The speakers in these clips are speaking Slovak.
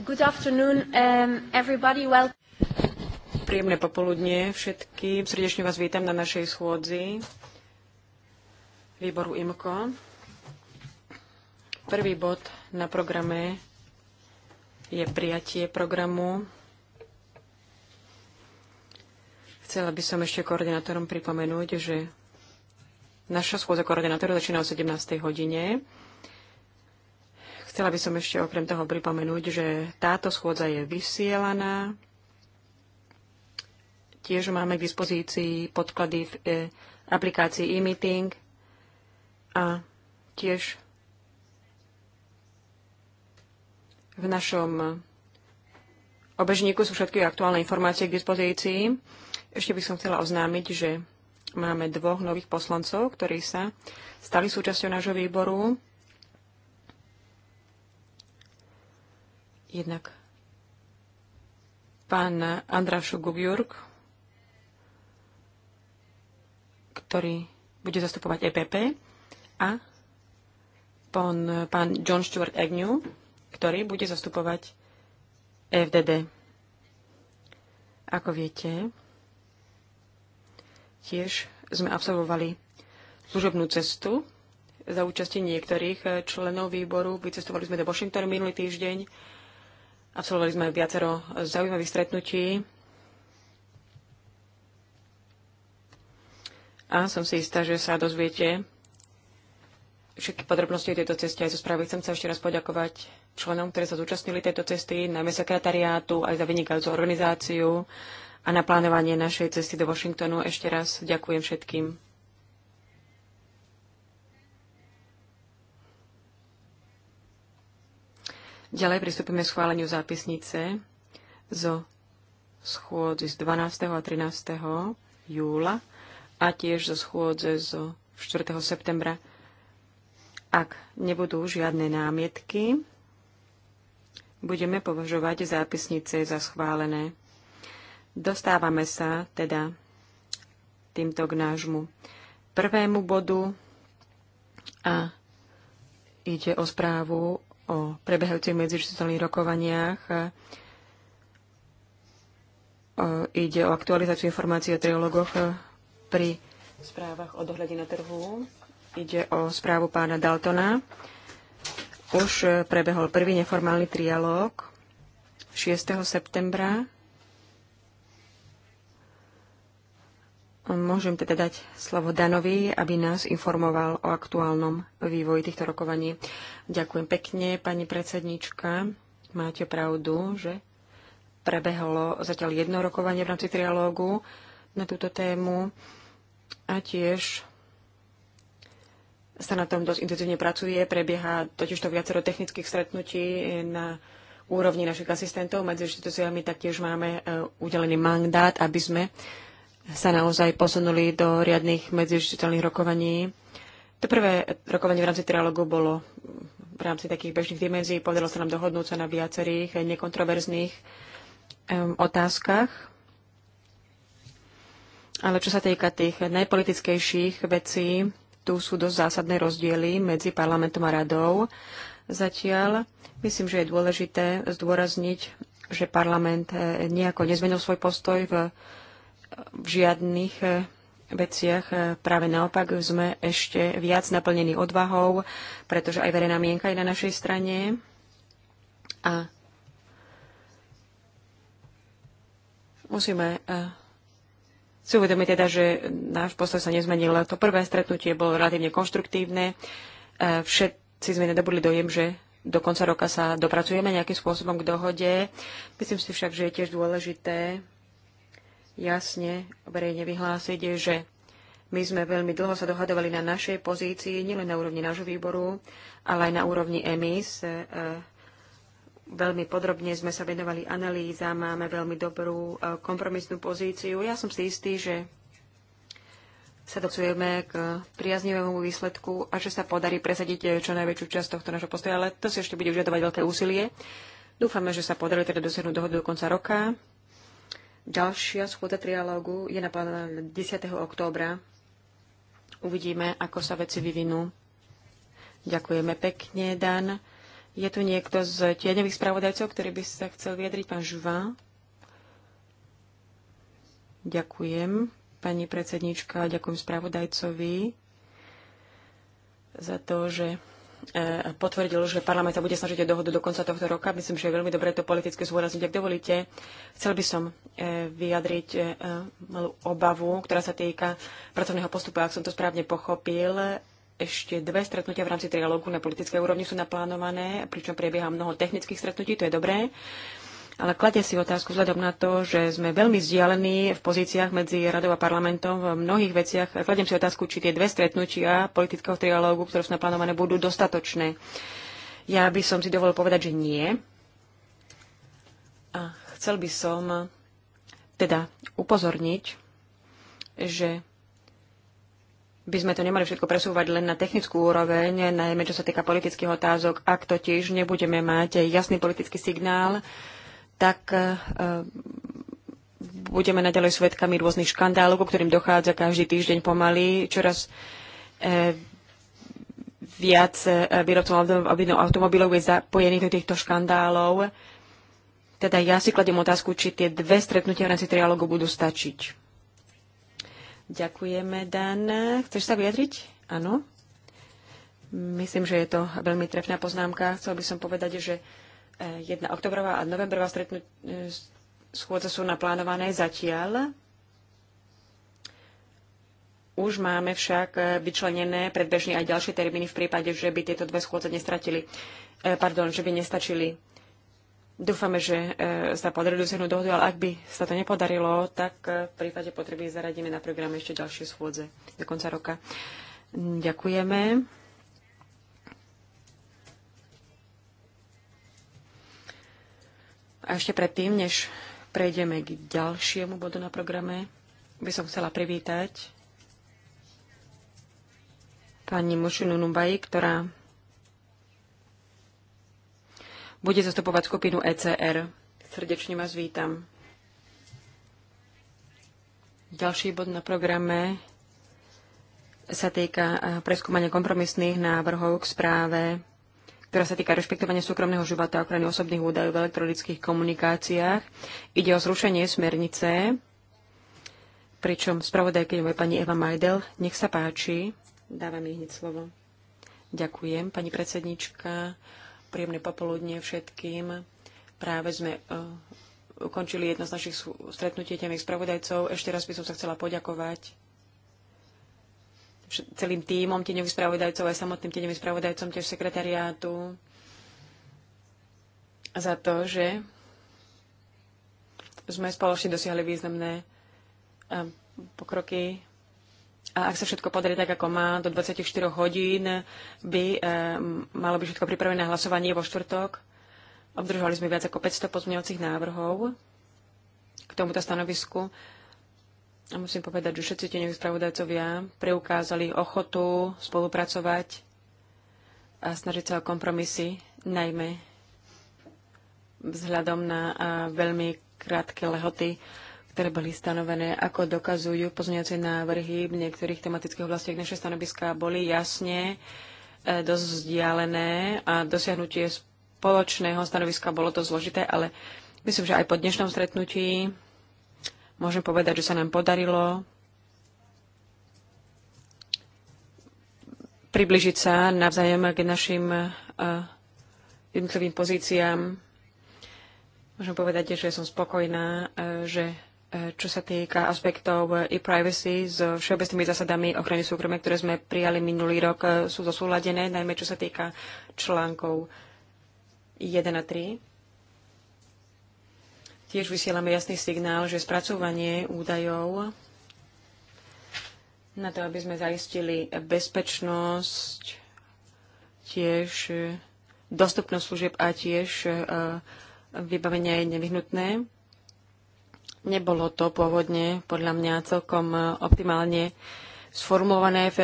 Good afternoon, um, everybody. Well... Príjemné popoludnie všetkým. Srdečne vás vítam na našej schôdzi výboru IMKO. Prvý bod na programe je prijatie programu. Chcela by som ešte koordinátorom pripomenúť, že naša schôdza koordinátorov začína o 17. hodine Chcela by som ešte okrem toho pripomenúť, že táto schôdza je vysielaná. Tiež máme k dispozícii podklady v e, aplikácii e-meeting a tiež v našom obežníku sú všetky aktuálne informácie k dispozícii. Ešte by som chcela oznámiť, že máme dvoch nových poslancov, ktorí sa stali súčasťou nášho výboru. jednak pán Andrášu Gugjurk, ktorý bude zastupovať EPP a pán, pán John Stuart Agnew, ktorý bude zastupovať FDD. Ako viete, tiež sme absolvovali služobnú cestu za účasti niektorých eh, členov výboru. Vycestovali sme do Washingtonu minulý týždeň Absolvovali sme viacero zaujímavých stretnutí a som si istá, že sa dozviete všetky podrobnosti o tejto ceste aj zo správy. Chcem sa ešte raz poďakovať členom, ktorí sa zúčastnili tejto cesty, najmä sekretariátu, aj za vynikajúcu organizáciu a na plánovanie našej cesty do Washingtonu. Ešte raz ďakujem všetkým. Ďalej pristúpime k schváleniu zápisnice zo schôdze z 12. a 13. júla a tiež zo schôdze zo 4. septembra. Ak nebudú žiadne námietky, budeme považovať zápisnice za schválené. Dostávame sa teda týmto k nášmu prvému bodu a ide o správu o prebehajúcich medzištátnych rokovaniach. E, ide o aktualizáciu informácií o triologoch e, pri správach o dohľade na trhu. Ide o správu pána Daltona. Už e, prebehol prvý neformálny trialóg 6. septembra Môžem teda dať slovo Danovi, aby nás informoval o aktuálnom vývoji týchto rokovaní. Ďakujem pekne, pani predsednička. Máte pravdu, že prebehlo zatiaľ jedno rokovanie v rámci trialógu na túto tému a tiež sa na tom dosť intenzívne pracuje. Prebieha totiž to viacero technických stretnutí na úrovni našich asistentov. Medzi inštitúciami taktiež máme e, udelený mandát, aby sme sa naozaj posunuli do riadnych medzižiteľných rokovaní. To prvé rokovanie v rámci trialogu bolo v rámci takých bežných dimenzií. Podarilo sa nám dohodnúť sa na viacerých nekontroverzných um, otázkach. Ale čo sa týka tých najpolitickejších vecí, tu sú dosť zásadné rozdiely medzi parlamentom a radou. Zatiaľ myslím, že je dôležité zdôrazniť, že parlament eh, nejako nezmenil svoj postoj v v žiadnych e, veciach. E, práve naopak sme ešte viac naplnení odvahou, pretože aj verejná mienka je na našej strane. A musíme e, si uvedomiť teda, že náš postoj sa nezmenil. To prvé stretnutie bolo relatívne konštruktívne. Všetci sme nedobudli dojem, že do konca roka sa dopracujeme nejakým spôsobom k dohode. Myslím si však, že je tiež dôležité jasne verejne vyhlásiť, že my sme veľmi dlho sa dohadovali na našej pozícii, nielen na úrovni nášho výboru, ale aj na úrovni EMIS. E, veľmi podrobne sme sa venovali analýza, máme veľmi dobrú e, kompromisnú pozíciu. Ja som si istý, že sa docujeme k priaznivému výsledku a že sa podarí presadiť čo najväčšiu časť tohto našho postoja, ale to si ešte bude vyžadovať veľké úsilie. Dúfame, že sa podarí teda dosiahnuť dohodu do konca roka Ďalšia schôdza trialógu je naplánovaná 10. októbra. Uvidíme, ako sa veci vyvinú. Ďakujeme pekne, Dan. Je tu niekto z tieňových spravodajcov, ktorý by sa chcel vyjadriť? Pán Žuva? Ďakujem, pani predsednička, ďakujem spravodajcovi za to, že E, potvrdil, že parlament sa bude snažiť o dohodu do konca tohto roka. Myslím, že je veľmi dobré to politické zúrazniť. Ak dovolíte, chcel by som e, vyjadriť e, malú obavu, ktorá sa týka pracovného postupu. Ak som to správne pochopil, ešte dve stretnutia v rámci trialógu na politické úrovni sú naplánované, pričom prebieha mnoho technických stretnutí, to je dobré ale kladie si otázku vzhľadom na to, že sme veľmi vzdialení v pozíciách medzi radou a parlamentom v mnohých veciach. Kladiem si otázku, či tie dve stretnutia politického trialógu, ktoré sú naplánované, budú dostatočné. Ja by som si dovolil povedať, že nie. A chcel by som teda upozorniť, že by sme to nemali všetko presúvať len na technickú úroveň, najmä čo sa týka politických otázok, ak totiž nebudeme mať jasný politický signál, tak e, budeme naďalej svedkami rôznych škandálov, ku ktorým dochádza každý týždeň pomaly. Čoraz e, viac e, výrobcov automobilov je zapojených do týchto škandálov. Teda ja si kladiem otázku, či tie dve stretnutia v rámci trialógu budú stačiť. Ďakujeme, Dan. Chceš sa vyjadriť? Áno. Myslím, že je to veľmi trefná poznámka. Chcel by som povedať, že Jedna oktobrová a novembrová stretnú... E, schôdza sú naplánované zatiaľ. Už máme však e, vyčlenené predbežne aj ďalšie termíny v prípade, že by tieto dve schôdze nestratili, e, pardon, že by nestačili. Dúfame, že sa podarí dosiahnuť dohodu, ale ak by sa to nepodarilo, tak v prípade potreby zaradíme na program ešte ďalšie schôdze do konca roka. Ďakujeme. A ešte predtým, než prejdeme k ďalšiemu bodu na programe, by som chcela privítať pani Mušinu Numbaji, ktorá bude zastupovať skupinu ECR. Srdečne vás vítam. Ďalší bod na programe sa týka eh, preskúmania kompromisných návrhov k správe ktorá sa týka rešpektovania súkromného života a ochrany osobných údajov v elektronických komunikáciách. Ide o zrušenie smernice, pričom spravodajkyňou je pani Eva Majdel. Nech sa páči, dávam jej hneď slovo. Ďakujem, pani predsednička. Príjemné popoludne všetkým. Práve sme e, ukončili jedno z našich stretnutí temných spravodajcov. Ešte raz by som sa chcela poďakovať celým týmom tieňových spravodajcov aj samotným tieňovým spravodajcom, tiež sekretariátu za to, že sme spoločne dosiahli významné pokroky. A ak sa všetko podarí tak, ako má, do 24 hodín by e, malo byť všetko pripravené na hlasovanie vo štvrtok. Obdržovali sme viac ako 500 pozmeňovacích návrhov k tomuto stanovisku. A musím povedať, že všetci tie spravodajcovia preukázali ochotu spolupracovať a snažiť sa o kompromisy, najmä vzhľadom na veľmi krátke lehoty, ktoré boli stanovené, ako dokazujú pozňujúce návrhy v niektorých tematických oblastiach. Naše stanoviská boli jasne e, dosť vzdialené a dosiahnutie spoločného stanoviska bolo to zložité, ale myslím, že aj po dnešnom stretnutí Môžem povedať, že sa nám podarilo približiť sa navzájom k našim e, jednotlivým pozíciám. Môžem povedať, že som spokojná, e, že e, čo sa týka aspektov e-privacy s všeobecnými zásadami ochrany súkromia, ktoré sme prijali minulý rok, sú zosúladené, najmä čo sa týka článkov 1 a 3. Tiež vysielame jasný signál, že spracovanie údajov na to, aby sme zaistili bezpečnosť, tiež e, dostupnosť služieb a tiež e, e, vybavenia je nevyhnutné. Nebolo to pôvodne podľa mňa celkom optimálne sformulované v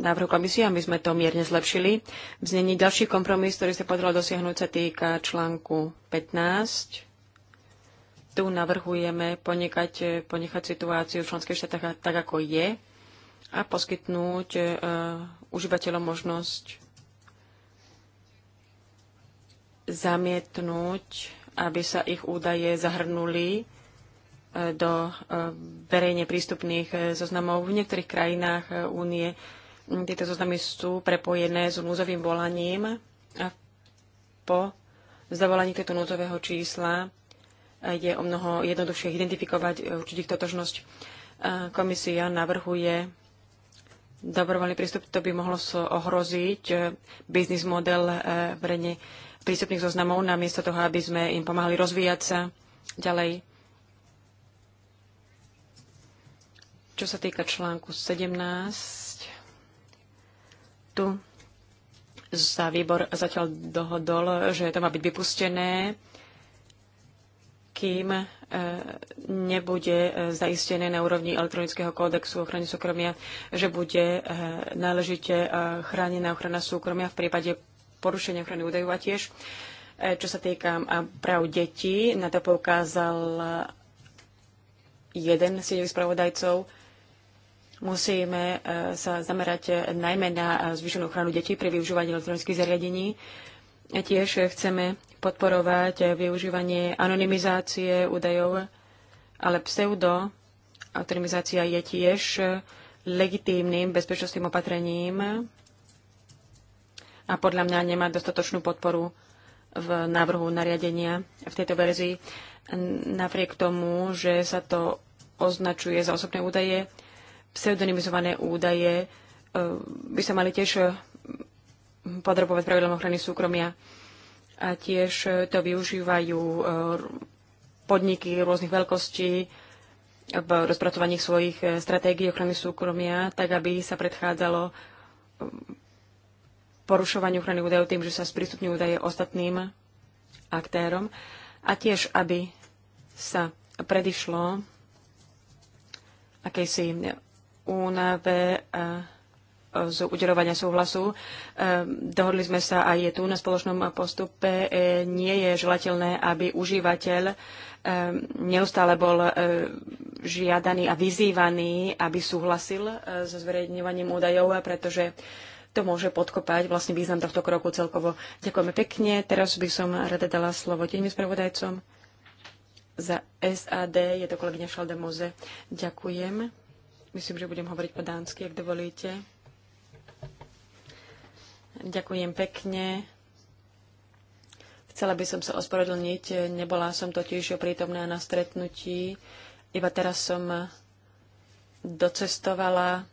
návrhu komisie a my sme to mierne zlepšili. Vznení ďalší kompromis, ktorý sa podalo dosiahnuť, sa týka článku 15 tu navrhujeme ponechať, ponechať situáciu v členských štátach tak, ako je a poskytnúť e, užívateľom možnosť zamietnúť, aby sa ich údaje zahrnuli e, do e, verejne prístupných e, zoznamov. V niektorých krajinách únie tieto zoznamy sú prepojené s núzovým volaním a po zavolaní tieto núzového čísla je o mnoho jednoduchšie identifikovať e, určitých totožnosť. E, komisia navrhuje dobrovoľný prístup, to by mohlo ohroziť e, biznis model rene prístupných zoznamov, namiesto toho, aby sme im pomáhali rozvíjať sa ďalej. Čo sa týka článku 17, tu sa výbor zatiaľ dohodol, že to má byť vypustené kým e, nebude e, zaistené na úrovni elektronického kódexu ochrany súkromia, že bude e, náležite chránená ochrana súkromia v prípade porušenia ochrany údajov a tiež, čo sa týka práv detí, na to poukázal jeden z sieťových spravodajcov, musíme sa zamerať najmä na zvýšenú ochranu detí pri využívaní elektronických zariadení Tiež chceme podporovať využívanie anonymizácie údajov, ale pseudo autonomizácia je tiež legitímnym bezpečnostným opatrením a podľa mňa nemá dostatočnú podporu v návrhu nariadenia v tejto verzii. Napriek tomu, že sa to označuje za osobné údaje, pseudonymizované údaje eh, by sa mali tiež podrobovať pravidlom ochrany súkromia. A tiež to využívajú e, podniky rôznych veľkostí v rozpracovaní svojich e, stratégií ochrany súkromia, tak aby sa predchádzalo e, porušovaniu ochrany údajov tým, že sa sprístupňujú údaje ostatným aktérom a tiež, aby sa predišlo akejsi únave a z udelovania súhlasu. Ehm, dohodli sme sa aj tu na spoločnom postupe. E, nie je želateľné, aby užívateľ ehm, neustále bol e, žiadaný a vyzývaný, aby súhlasil e, so zverejňovaním údajov, pretože to môže podkopať vlastne význam tohto kroku celkovo. Ďakujeme pekne. Teraz by som rada dala slovo tým spravodajcom. Za SAD je to kolegyňa Moze. Ďakujem. Myslím, že budem hovoriť po dánsky, ak dovolíte. Ďakujem pekne. Chcela by som sa ospravedlniť, nebola som totiž prítomná na stretnutí, iba teraz som docestovala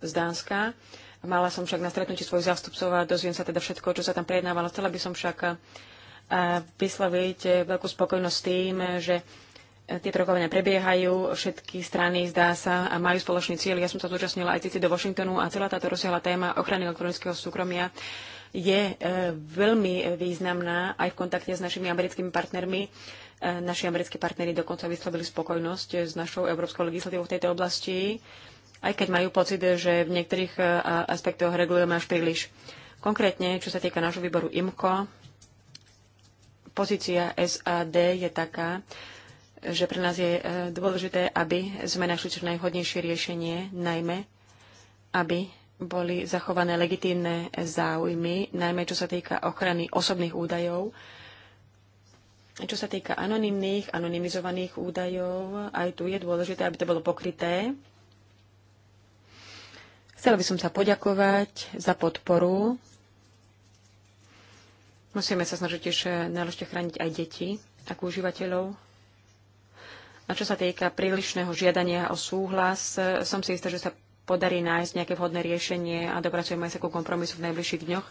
z Dánska. Mala som však na stretnutí svojich zástupcov a dozviem sa teda všetko, čo sa tam prejednávalo. Chcela by som však eh, vysloviť eh, veľkú spokojnosť tým, že tieto rokovania prebiehajú, všetky strany, zdá sa, a majú spoločný cieľ. Ja som sa zúčastnila aj cíti do Washingtonu a celá táto rozsiahla téma ochrany elektronického súkromia je e, veľmi významná aj v kontakte s našimi americkými partnermi. E, naši americkí partnery dokonca vyslovili spokojnosť s našou európskou legislatívou v tejto oblasti, aj keď majú pocit, že v niektorých e, aspektoch regulujeme až príliš. Konkrétne, čo sa týka nášho výboru IMCO, pozícia SAD je taká, že pre nás je e, dôležité, aby sme našli čo najhodnejšie riešenie, najmä aby boli zachované legitímne záujmy, najmä čo sa týka ochrany osobných údajov, čo sa týka anonimných, anonymizovaných údajov, aj tu je dôležité, aby to bolo pokryté. Chcela by som sa poďakovať za podporu. Musíme sa snažiť tiež e, najlepšie chrániť aj deti ako užívateľov a čo sa týka prílišného žiadania o súhlas, som si istá, že sa podarí nájsť nejaké vhodné riešenie a dopracujeme sa ku kompromisu v najbližších dňoch,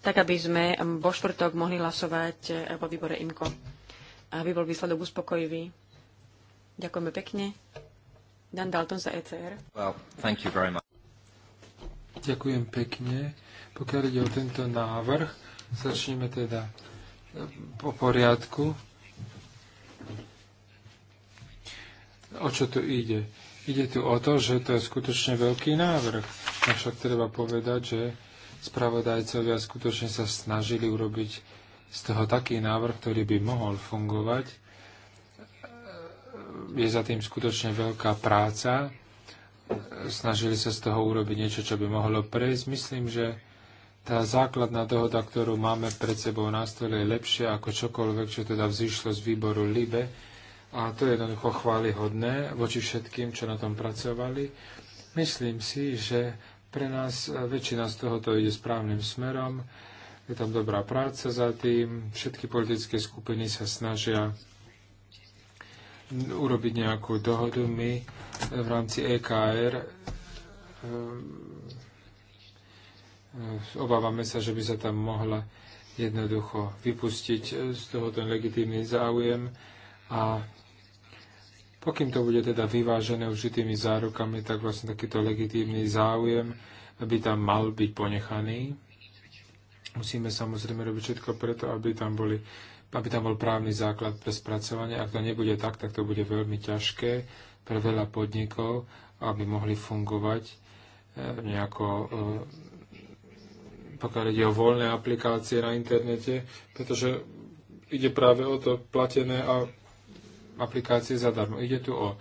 tak aby sme vo štvrtok mohli hlasovať vo výbore IMKO. Aby bol výsledok uspokojivý. Ďakujeme pekne. Dan Dalton za ECR. Well, thank you very much. Ďakujem pekne. Pokiaľ ide o tento návrh, začneme teda po poriadku. O čo tu ide? Ide tu o to, že to je skutočne veľký návrh. Avšak treba povedať, že spravodajcovia skutočne sa snažili urobiť z toho taký návrh, ktorý by mohol fungovať. Je za tým skutočne veľká práca. Snažili sa z toho urobiť niečo, čo by mohlo prejsť. Myslím, že tá základná dohoda, ktorú máme pred sebou na stole, je lepšia ako čokoľvek, čo teda vzýšlo z výboru LIBE a to je jednoducho chválihodné voči všetkým, čo na tom pracovali. Myslím si, že pre nás väčšina z tohoto ide správnym smerom. Je tam dobrá práca za tým. Všetky politické skupiny sa snažia urobiť nejakú dohodu. My eh, v rámci EKR eh, eh, obávame sa, že by sa tam mohla jednoducho vypustiť z toho ten legitímny záujem a Pokým to bude teda vyvážené určitými zárukami, tak vlastne takýto legitímny záujem by tam mal byť ponechaný. Musíme samozrejme robiť všetko preto, aby tam, boli, aby tam bol právny základ pre spracovanie. Ak to nebude tak, tak to bude veľmi ťažké pre veľa podnikov, aby mohli fungovať e, nejako e, pokiaľ ide o voľné aplikácie na internete, pretože ide práve o to platené a aplikácie zadarmo. Ide tu o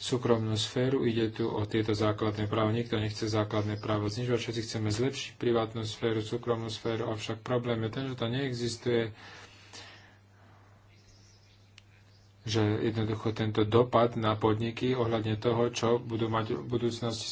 súkromnú sféru, ide tu o tieto základné práva. Nikto nechce základné právo znižovať, všetci chceme zlepšiť privátnu sféru, súkromnú sféru, avšak problém je ten, že to neexistuje, že jednoducho tento dopad na podniky ohľadne toho, čo budú mať v budúcnosti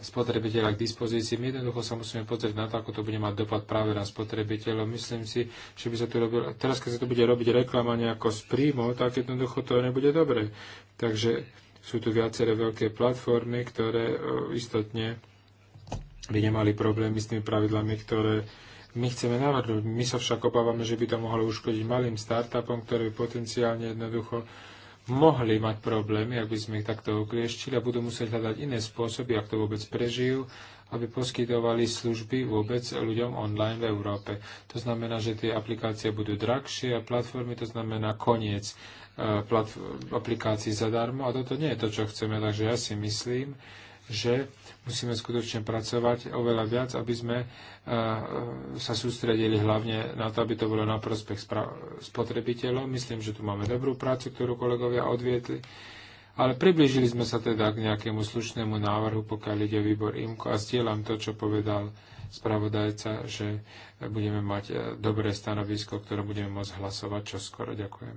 spotrebiteľa k dispozícii. My jednoducho sa musíme pozrieť na to, ako to bude mať dopad práve na spotrebiteľov. Myslím si, že by sa tu robil, teraz keď sa tu bude robiť reklama nejako z príjmov, tak jednoducho to nebude dobre. Takže sú tu viaceré veľké platformy, ktoré e, istotne by nemali problémy s tými pravidlami, ktoré my chceme navrhnúť. My sa však obávame, že by to mohlo uškodiť malým startupom, ktoré potenciálne jednoducho mohli mať problémy, ak by sme ich takto oklieštili a budú musieť hľadať iné spôsoby, ak to vôbec prežijú, aby poskytovali služby vôbec ľuďom online v Európe. To znamená, že tie aplikácie budú drahšie a platformy, to znamená koniec eh, aplikácií zadarmo a toto nie je to, čo chceme, takže ja si myslím, že musíme skutočne pracovať oveľa viac, aby sme e, sa sústredili hlavne na to, aby to bolo na prospech spotrebiteľov. Myslím, že tu máme dobrú prácu, ktorú kolegovia odvietli. Ale priblížili sme sa teda k nejakému slušnému návrhu, pokiaľ ide o výbor IMKO a stielam to, čo povedal spravodajca, že budeme mať e, dobré stanovisko, ktoré budeme môcť hlasovať čoskoro. Ďakujem.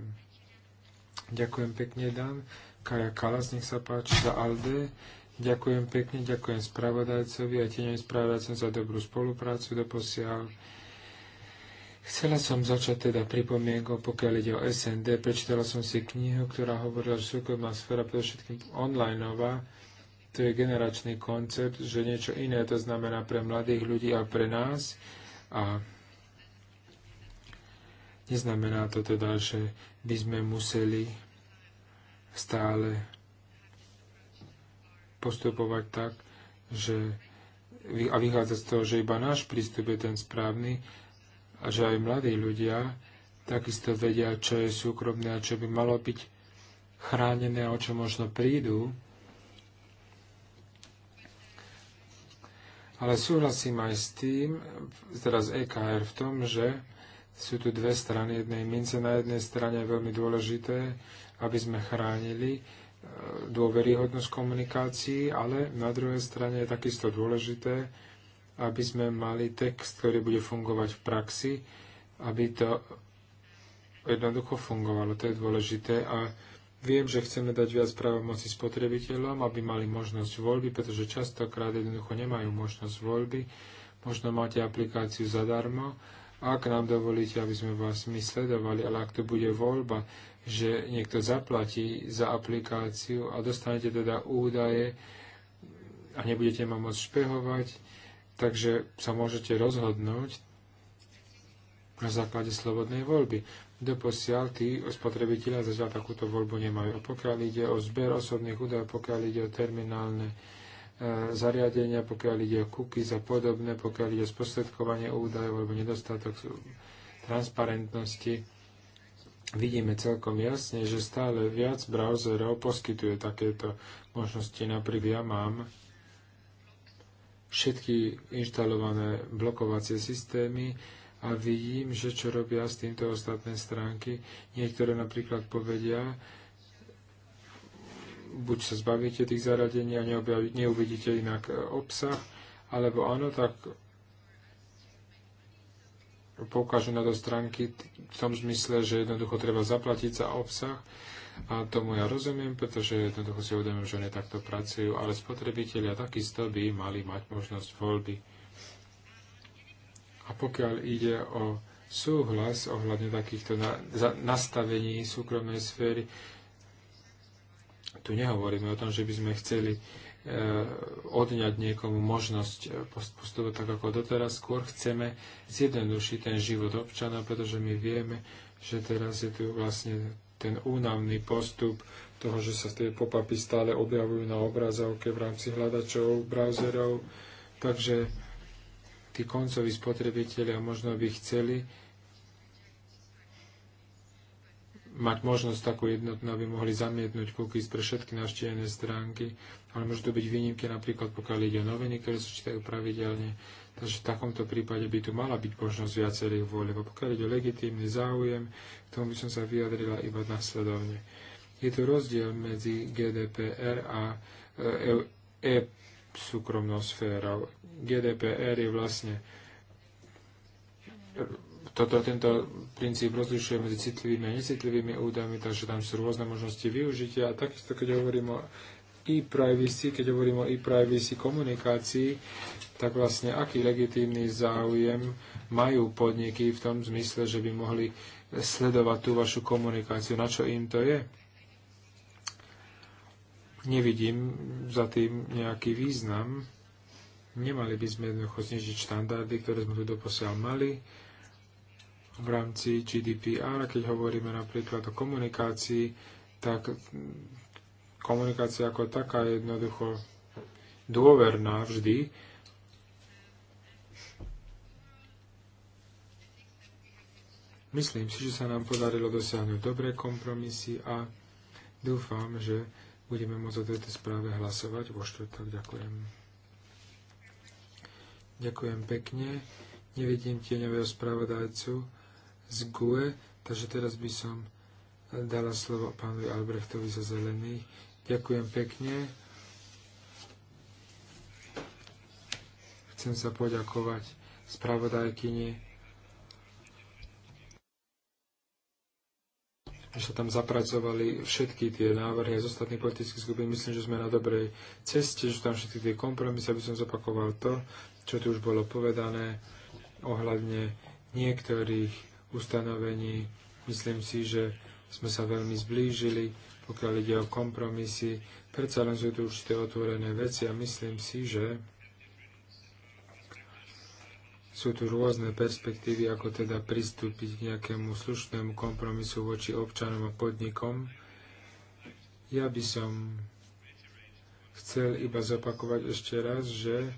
Ďakujem pekne, Dan. Kaja Kalas, nech sa páči, za ALDE. Ďakujem pekne, ďakujem spravodajcovi a tieňom spravodajcom za dobrú spoluprácu do posiaľ. Chcela som začať teda pripomienkou, pokiaľ ide o SND. Prečítala som si knihu, ktorá hovorila, že súkromná sféra, predovšetkým onlineová, to je generačný koncept, že niečo iné to znamená pre mladých ľudí a pre nás. A neznamená to teda, že by sme museli stále postupovať tak, že a vychádza z toho, že iba náš prístup je ten správny a že aj mladí ľudia takisto vedia, čo je súkromné a čo by malo byť chránené a o čo možno prídu. Ale súhlasím aj s tým, teraz EKR v tom, že sú tu dve strany jednej mince. Na jednej strane je veľmi dôležité, aby sme chránili dôveryhodnosť komunikácií, ale na druhej strane je takisto dôležité, aby sme mali text, ktorý bude fungovať v praxi, aby to jednoducho fungovalo. To je dôležité a viem, že chceme dať viac právomocí spotrebiteľom, aby mali možnosť voľby, pretože častokrát jednoducho nemajú možnosť voľby. Možno máte aplikáciu zadarmo, ak nám dovolíte, aby sme vás my sledovali, ale ak to bude voľba, že niekto zaplatí za aplikáciu a dostanete teda údaje a nebudete ma môcť špehovať, takže sa môžete rozhodnúť na základe slobodnej voľby. Doposiaľ tí spotrebitelia zatiaľ takúto voľbu nemajú. A pokiaľ ide o zber osobných údajov, pokiaľ ide o terminálne e, zariadenia, pokiaľ ide o cookies a podobné, pokiaľ ide o sposledkovanie údajov alebo nedostatok transparentnosti vidíme celkom jasne, že stále viac browserov poskytuje takéto možnosti. Napríklad ja mám všetky inštalované blokovacie systémy, a vidím, že čo robia s týmto ostatné stránky. Niektoré napríklad povedia, buď sa zbavíte tých zaradení a neuvidíte inak e, obsah, alebo áno, tak poukážu na to stránky v tom zmysle, že jednoducho treba zaplatiť za obsah. A tomu ja rozumiem, pretože jednoducho si uvedomujem, že oni takto pracujú, ale spotrebitelia takisto by mali mať možnosť voľby. A pokiaľ ide o súhlas ohľadne takýchto na, za, nastavení súkromnej sféry, tu nehovoríme o tom, že by sme chceli uh, Eh, odňať niekomu možnosť eh, postupovať tak ako doteraz. Skôr chceme zjednodušiť ten život občana, pretože my vieme, že teraz je tu vlastne ten únavný postup toho, že sa tie popapy stále objavujú na obrazovke v rámci hľadačov, browserov. Takže tí koncoví spotrebitelia možno by chceli mať možnosť takú jednotnú, aby mohli zamietnúť cookies pre všetky navštívené stránky, ale môžu to byť výnimky napríklad pokiaľ ide o noviny, ktoré sa čítajú pravidelne, takže v takomto prípade by tu mala byť možnosť viacerých volieb. A pokiaľ ide o legitímny záujem, k tomu by som sa vyjadrila iba následovne. Je tu rozdiel medzi GDPR a e, e, e súkromnou e- sférou. GDPR je vlastne toto, tento princíp rozlišuje medzi citlivými a necitlivými údajmi, takže tam sú rôzne možnosti využitia. A takisto, keď hovorím o e-privacy, keď hovorím o e-privacy komunikácii, tak vlastne aký legitímny záujem majú podniky v tom zmysle, že by mohli sledovať tú vašu komunikáciu, na čo im to je. Nevidím za tým nejaký význam. Nemali by sme jednoducho znižiť štandardy, ktoré sme tu doposiaľ mali v rámci GDPR, keď hovoríme napríklad o komunikácii, tak komunikácia ako taká je jednoducho dôverná vždy. Myslím si, že sa nám podarilo dosiahnuť dobré kompromisy a dúfam, že budeme môcť o tejto správe hlasovať vo štvrtok. Ďakujem. Ďakujem pekne. Nevidím tieňového spravodajcu z GUE, takže teraz by som dala slovo pánovi Albrechtovi za zelený. Ďakujem pekne. Chcem sa poďakovať spravodajkyni, že sa tam zapracovali všetky tie návrhy z ostatných politických skupín. Myslím, že sme na dobrej ceste, že tam všetky tie kompromisy, aby som zopakoval to, čo tu už bolo povedané ohľadne niektorých ustanovení. Myslím si, že sme sa veľmi zblížili, pokiaľ ide o kompromisy. Predsa len sú tu určité otvorené veci a myslím si, že sú tu rôzne perspektívy, ako teda pristúpiť k nejakému slušnému kompromisu voči občanom a podnikom. Ja by som chcel iba zopakovať ešte raz, že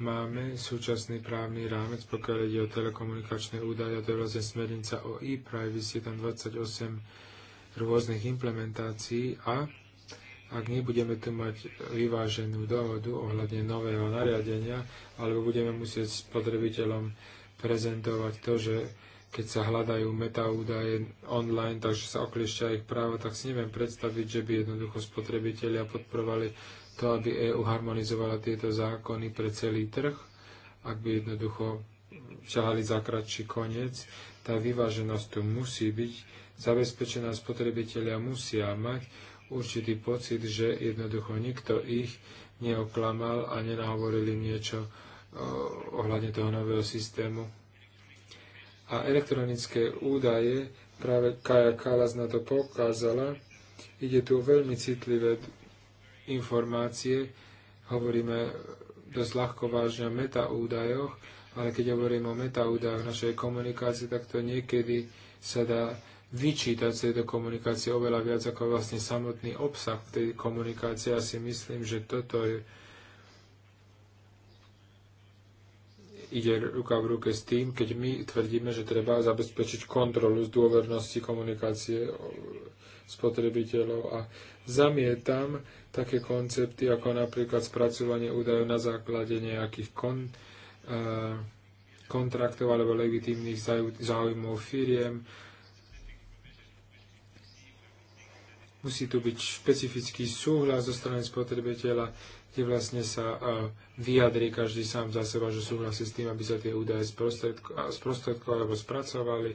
máme súčasný právny rámec, pokiaľ ide o telekomunikačné údaje, a to je vlastne smernica o e-privacy, tam 28 rôznych implementácií a ak nebudeme tu mať vyváženú dohodu ohľadne nového nariadenia, alebo budeme musieť spotrebiteľom prezentovať to, že keď sa hľadajú metaúdaje online, takže sa okliešťa ich práva, tak si neviem predstaviť, že by jednoducho spotrebitelia podporovali to, aby EÚ harmonizovala tieto zákony pre celý trh, ak by jednoducho ťahali za kratší koniec, tá vyváženosť tu musí byť zabezpečená, spotrebitelia musia mať určitý pocit, že jednoducho nikto ich neoklamal a nenahovorili niečo e, ohľadne toho nového systému. A elektronické údaje, práve Kaja Kalas na to pokázala, ide tu o veľmi citlivé informácie, hovoríme dosť ľahko vážne o metaúdajoch, ale keď hovoríme o metaúdajoch našej komunikácie, tak to niekedy sa dá vyčítať z tejto komunikácie oveľa viac ako vlastne samotný obsah tej komunikácie. Ja si myslím, že toto je, ide ruka v ruke s tým, keď my tvrdíme, že treba zabezpečiť kontrolu z dôvernosti komunikácie spotrebiteľov a zamietam také koncepty ako napríklad spracovanie údajov na základe nejakých kon, uh, kontraktov alebo legitímnych záujmov firiem. Musí tu byť špecifický súhlas zo strany spotrebiteľa, kde vlastne sa eh, vyjadrí každý sám za seba, že súhlasí s tým, aby sa tie údaje sprostredkovali alebo spracovali.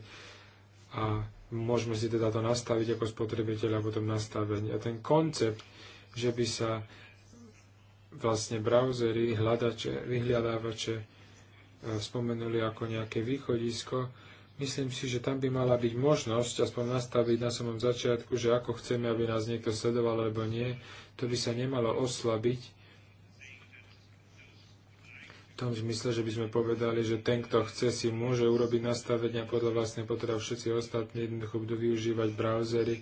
A Môžeme si teda to nastaviť ako spotrebiteľ a potom nastavenie. A ten koncept, že by sa vlastne browsery, hľadače, vyhľadávače e, spomenuli ako nejaké východisko, myslím si, že tam by mala byť možnosť aspoň nastaviť na samom začiatku, že ako chceme, aby nás niekto sledoval alebo nie, to by sa nemalo oslabiť v tom zmysle, že by sme povedali, že ten, kto chce, si môže urobiť nastavenia podľa vlastnej potreby, všetci ostatní jednoducho budú využívať browsery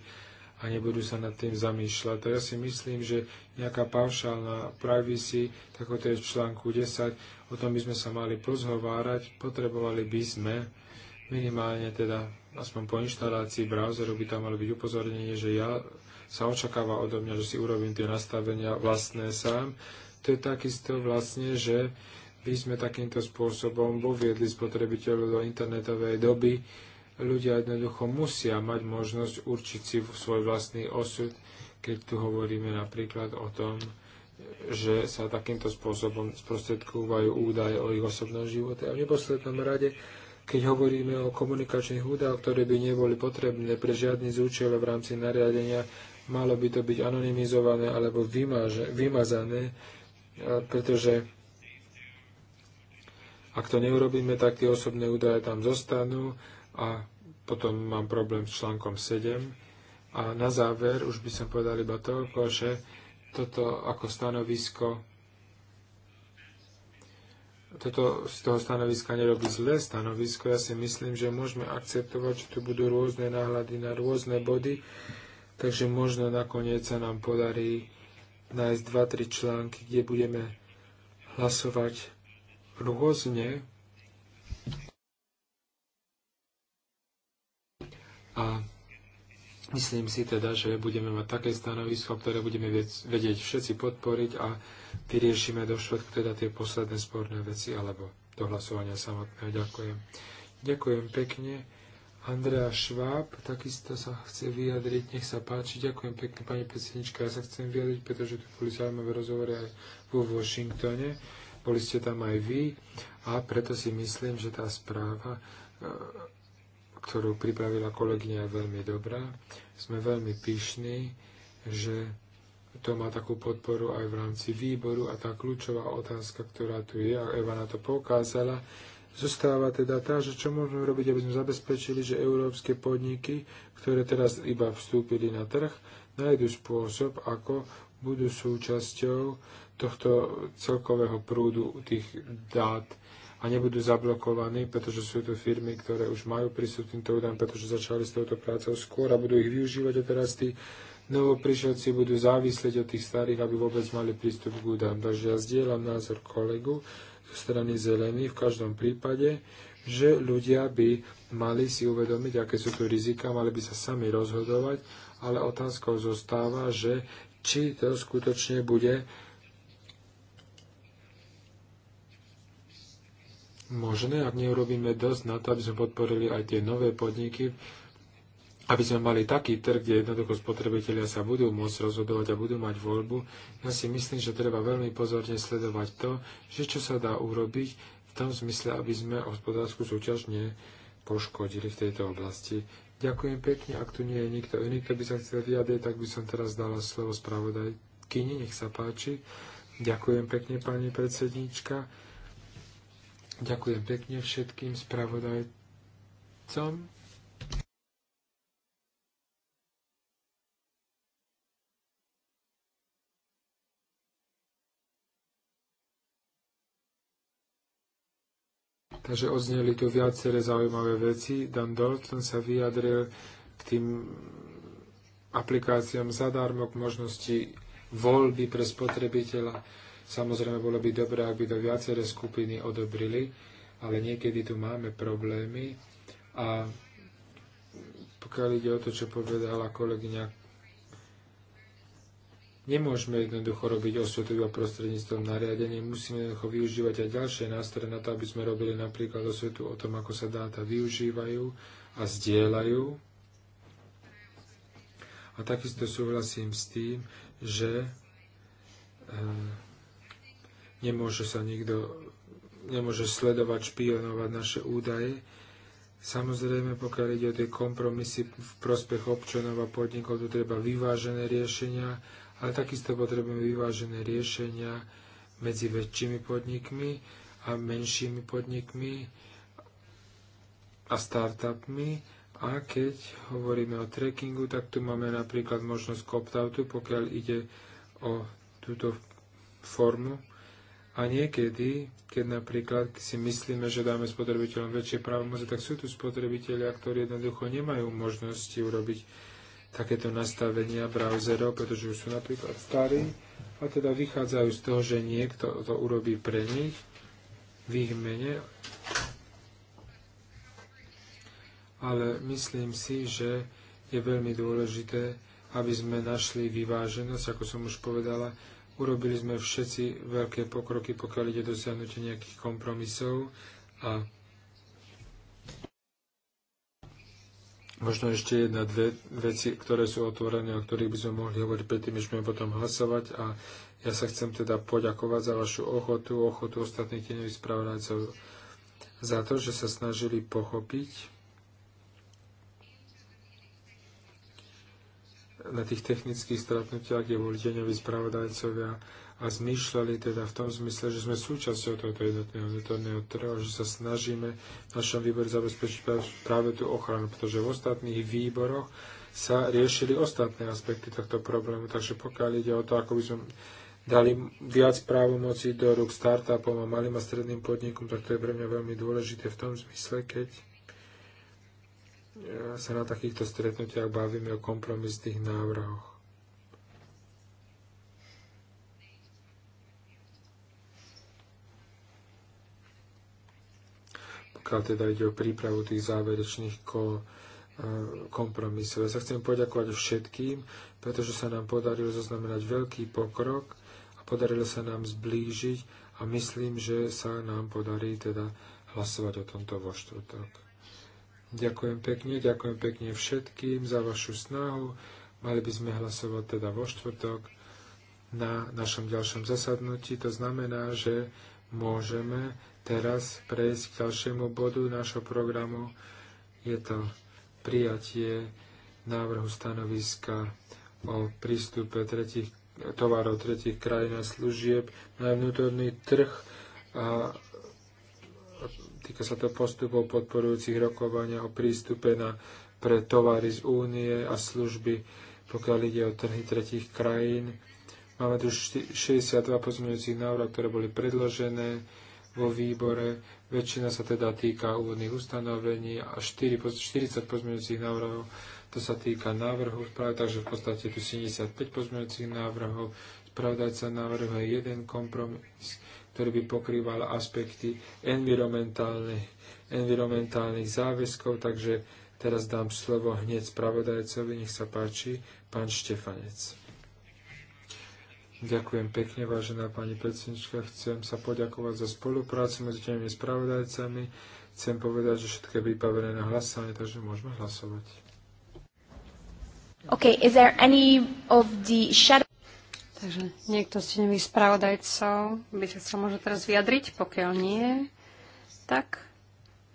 a nebudú sa nad tým zamýšľať. To ja si myslím, že nejaká paušálna privacy, tak to je v článku 10, o tom by sme sa mali pozhovárať, potrebovali by sme minimálne teda, aspoň po inštalácii browseru by tam malo byť upozornenie, že ja sa očakáva odo mňa, že si urobím tie nastavenia vlastné sám. To je takisto vlastne, že by sme takýmto spôsobom uviedli spotrebiteľov do internetovej doby. Ľudia jednoducho musia mať možnosť určiť si svoj vlastný osud, keď tu hovoríme napríklad o tom, že sa takýmto spôsobom sprostredkúvajú údaje o ich osobnom živote. A v neposlednom rade, keď hovoríme o komunikačných údajoch, ktoré by neboli potrebné pre žiadny z účelov v rámci nariadenia, malo by to byť anonymizované alebo vymaže, vymazané, pretože ak to neurobíme, tak tie osobné údaje tam zostanú a potom mám problém s článkom 7. A na záver už by som povedal iba toľko, že toto ako stanovisko toto z toho stanoviska nerobí zlé stanovisko. Ja si myslím, že môžeme akceptovať, že tu budú rôzne náhľady na rôzne body, takže možno nakoniec sa nám podarí nájsť 2-3 články, kde budeme hlasovať rôzne a myslím si teda, že budeme mať také stanovisko, ktoré budeme vedieť všetci podporiť a vyriešime do všetk, teda tie posledné sporné veci alebo do hlasovania samotného. Ďakujem. Ďakujem pekne. Andrea Šváb takisto sa chce vyjadriť. Nech sa páči. Ďakujem pekne, pani predsednička. Ja sa chcem vyjadriť, pretože tu boli zaujímavé rozhovory aj vo Washingtone boli ste tam aj vy a preto si myslím, že tá správa, e, ktorú pripravila kolegyňa, je veľmi dobrá. Sme veľmi pyšní, že to má takú podporu aj v rámci výboru a tá kľúčová otázka, ktorá tu je, a Eva na to poukázala, zostáva teda tá, že čo môžeme robiť, aby sme zabezpečili, že európske podniky, ktoré teraz iba vstúpili na trh, nájdu spôsob, ako budú súčasťou tohto celkového prúdu tých dát a nebudú zablokovaní, pretože sú to firmy, ktoré už majú prístup týmto údajom, pretože začali s touto prácou skôr a budú ich využívať a teraz tí novoprišelci budú závisleť od tých starých, aby vôbec mali prístup k údajom. Takže ja zdieľam názor kolegu, strany zelených v každom prípade, že ľudia by mali si uvedomiť, aké sú tu rizika, mali by sa sami rozhodovať, ale otázkou zostáva, že či to skutočne bude možné, ak neurobíme dosť na to, aby sme podporili aj tie nové podniky, aby sme mali taký trh, kde jednoducho spotrebitelia sa budú môcť rozhodovať a budú mať voľbu, ja si myslím, že treba veľmi pozorne sledovať to, že čo sa dá urobiť v tom zmysle, aby sme hospodárskú súťaž nepoškodili v tejto oblasti. Ďakujem pekne. Ak tu nie je nikto iný, kto by sa chcel vyjadriť, tak by som teraz dala slovo spravodajkyni. Nech sa páči. Ďakujem pekne, pani predsednička. Ďakujem pekne všetkým spravodajcom. Takže odzneli tu viaceré zaujímavé veci. Dan Dalton sa vyjadril k tým aplikáciám zadarmo, k možnosti voľby pre spotrebiteľa. Samozrejme, bolo by dobré, ak by to viaceré skupiny odobrili, ale niekedy tu máme problémy a pokiaľ ide o to, čo povedala kolegyňa Nemôžeme jednoducho robiť osvetu iba prostredníctvom nariadenie, musíme jednoducho využívať aj ďalšie nástroje na to, aby sme robili napríklad osvetu o tom, ako sa dáta využívajú a zdieľajú. A takisto súhlasím s tým, že e, nemôže sa nikto nemôže sledovať, špionovať naše údaje. Samozrejme, pokiaľ ide o tie kompromisy v prospech občanov a podnikov, tu treba vyvážené riešenia, ale takisto potrebujeme vyvážené riešenia medzi väčšími podnikmi a menšími podnikmi a startupmi. A keď hovoríme o trekkingu, tak tu máme napríklad možnosť opt-outu, pokiaľ ide o túto formu. A niekedy, keď napríklad si myslíme, že dáme spotrebiteľom väčšie právomoce, tak sú tu spotrebitelia, ktorí jednoducho nemajú možnosti urobiť takéto nastavenia browserov, pretože už sú napríklad starí a teda vychádzajú z toho, že niekto to urobí pre nich v ich mene. Ale myslím si, že je veľmi dôležité, aby sme našli vyváženosť, ako som už povedala. Urobili sme všetci veľké pokroky, pokiaľ ide dosiahnutie nejakých kompromisov a Možno ešte jedna, dve veci, ktoré sú otvorené, o ktorých by sme mohli hovoriť predtým, než budeme potom hlasovať. A ja sa chcem teda poďakovať za vašu ochotu, ochotu ostatných tenových spravodajcov za to, že sa snažili pochopiť na tých technických stretnutiach, kde boli deňoví spravodajcovia a zmýšľali teda v tom zmysle, že sme súčasťou tohto jednotného vnútorného trhu a že sa snažíme v našom výbore zabezpečiť práve tú ochranu, pretože v ostatných výboroch sa riešili ostatné aspekty tohto problému. Takže pokiaľ ide o to, ako by sme dali viac právomocí do rúk startupom a malým a stredným podnikom, tak to je pre mňa veľmi dôležité v tom zmysle, keď sa na takýchto stretnutiach bavíme o kompromisných návrhoch. Pokiaľ teda ide o prípravu tých záverečných kol, e, kompromisov. Ja sa chcem poďakovať všetkým, pretože sa nám podarilo zaznamenať veľký pokrok a podarilo sa nám zblížiť a myslím, že sa nám podarí teda hlasovať o tomto vo štvrtok. Ďakujem pekne, ďakujem pekne všetkým za vašu snahu. Mali by sme hlasovať teda vo štvrtok na našom ďalšom zasadnutí. To znamená, že môžeme teraz prejsť k ďalšiemu bodu nášho programu. Je to prijatie návrhu stanoviska o prístupe tretich, tovarov tretich krajín a služieb na vnútorný trh a Týka sa to postupov podporujúcich rokovania o prístupe na, pre tovary z únie a služby, pokiaľ ide o trhy tretich krajín. Máme tu 62 pozmeňujúcich návrhov, ktoré boli predložené vo výbore. Väčšina sa teda týka úvodných ustanovení a 4, 40 pozmeňujúcich návrhov to sa týka návrhu správy, takže v podstate tu 75 pozmeňujúcich návrhov, spravodajca je jeden kompromis, ktorý by pokrýval aspekty environmentálnych, environmentálnych záväzkov, takže teraz dám slovo hneď spravodajcovi, nech sa páči, pán Štefanec. Ďakujem pekne, vážená pani predsednička. Chcem sa poďakovať za spoluprácu medzi tými spravodajcami. Chcem povedať, že všetko je vybavené na hlasovanie, takže môžeme hlasovať. Okay, is there any of the Takže niekto z tenových spravodajcov by sa chcel možno teraz vyjadriť, pokiaľ nie, tak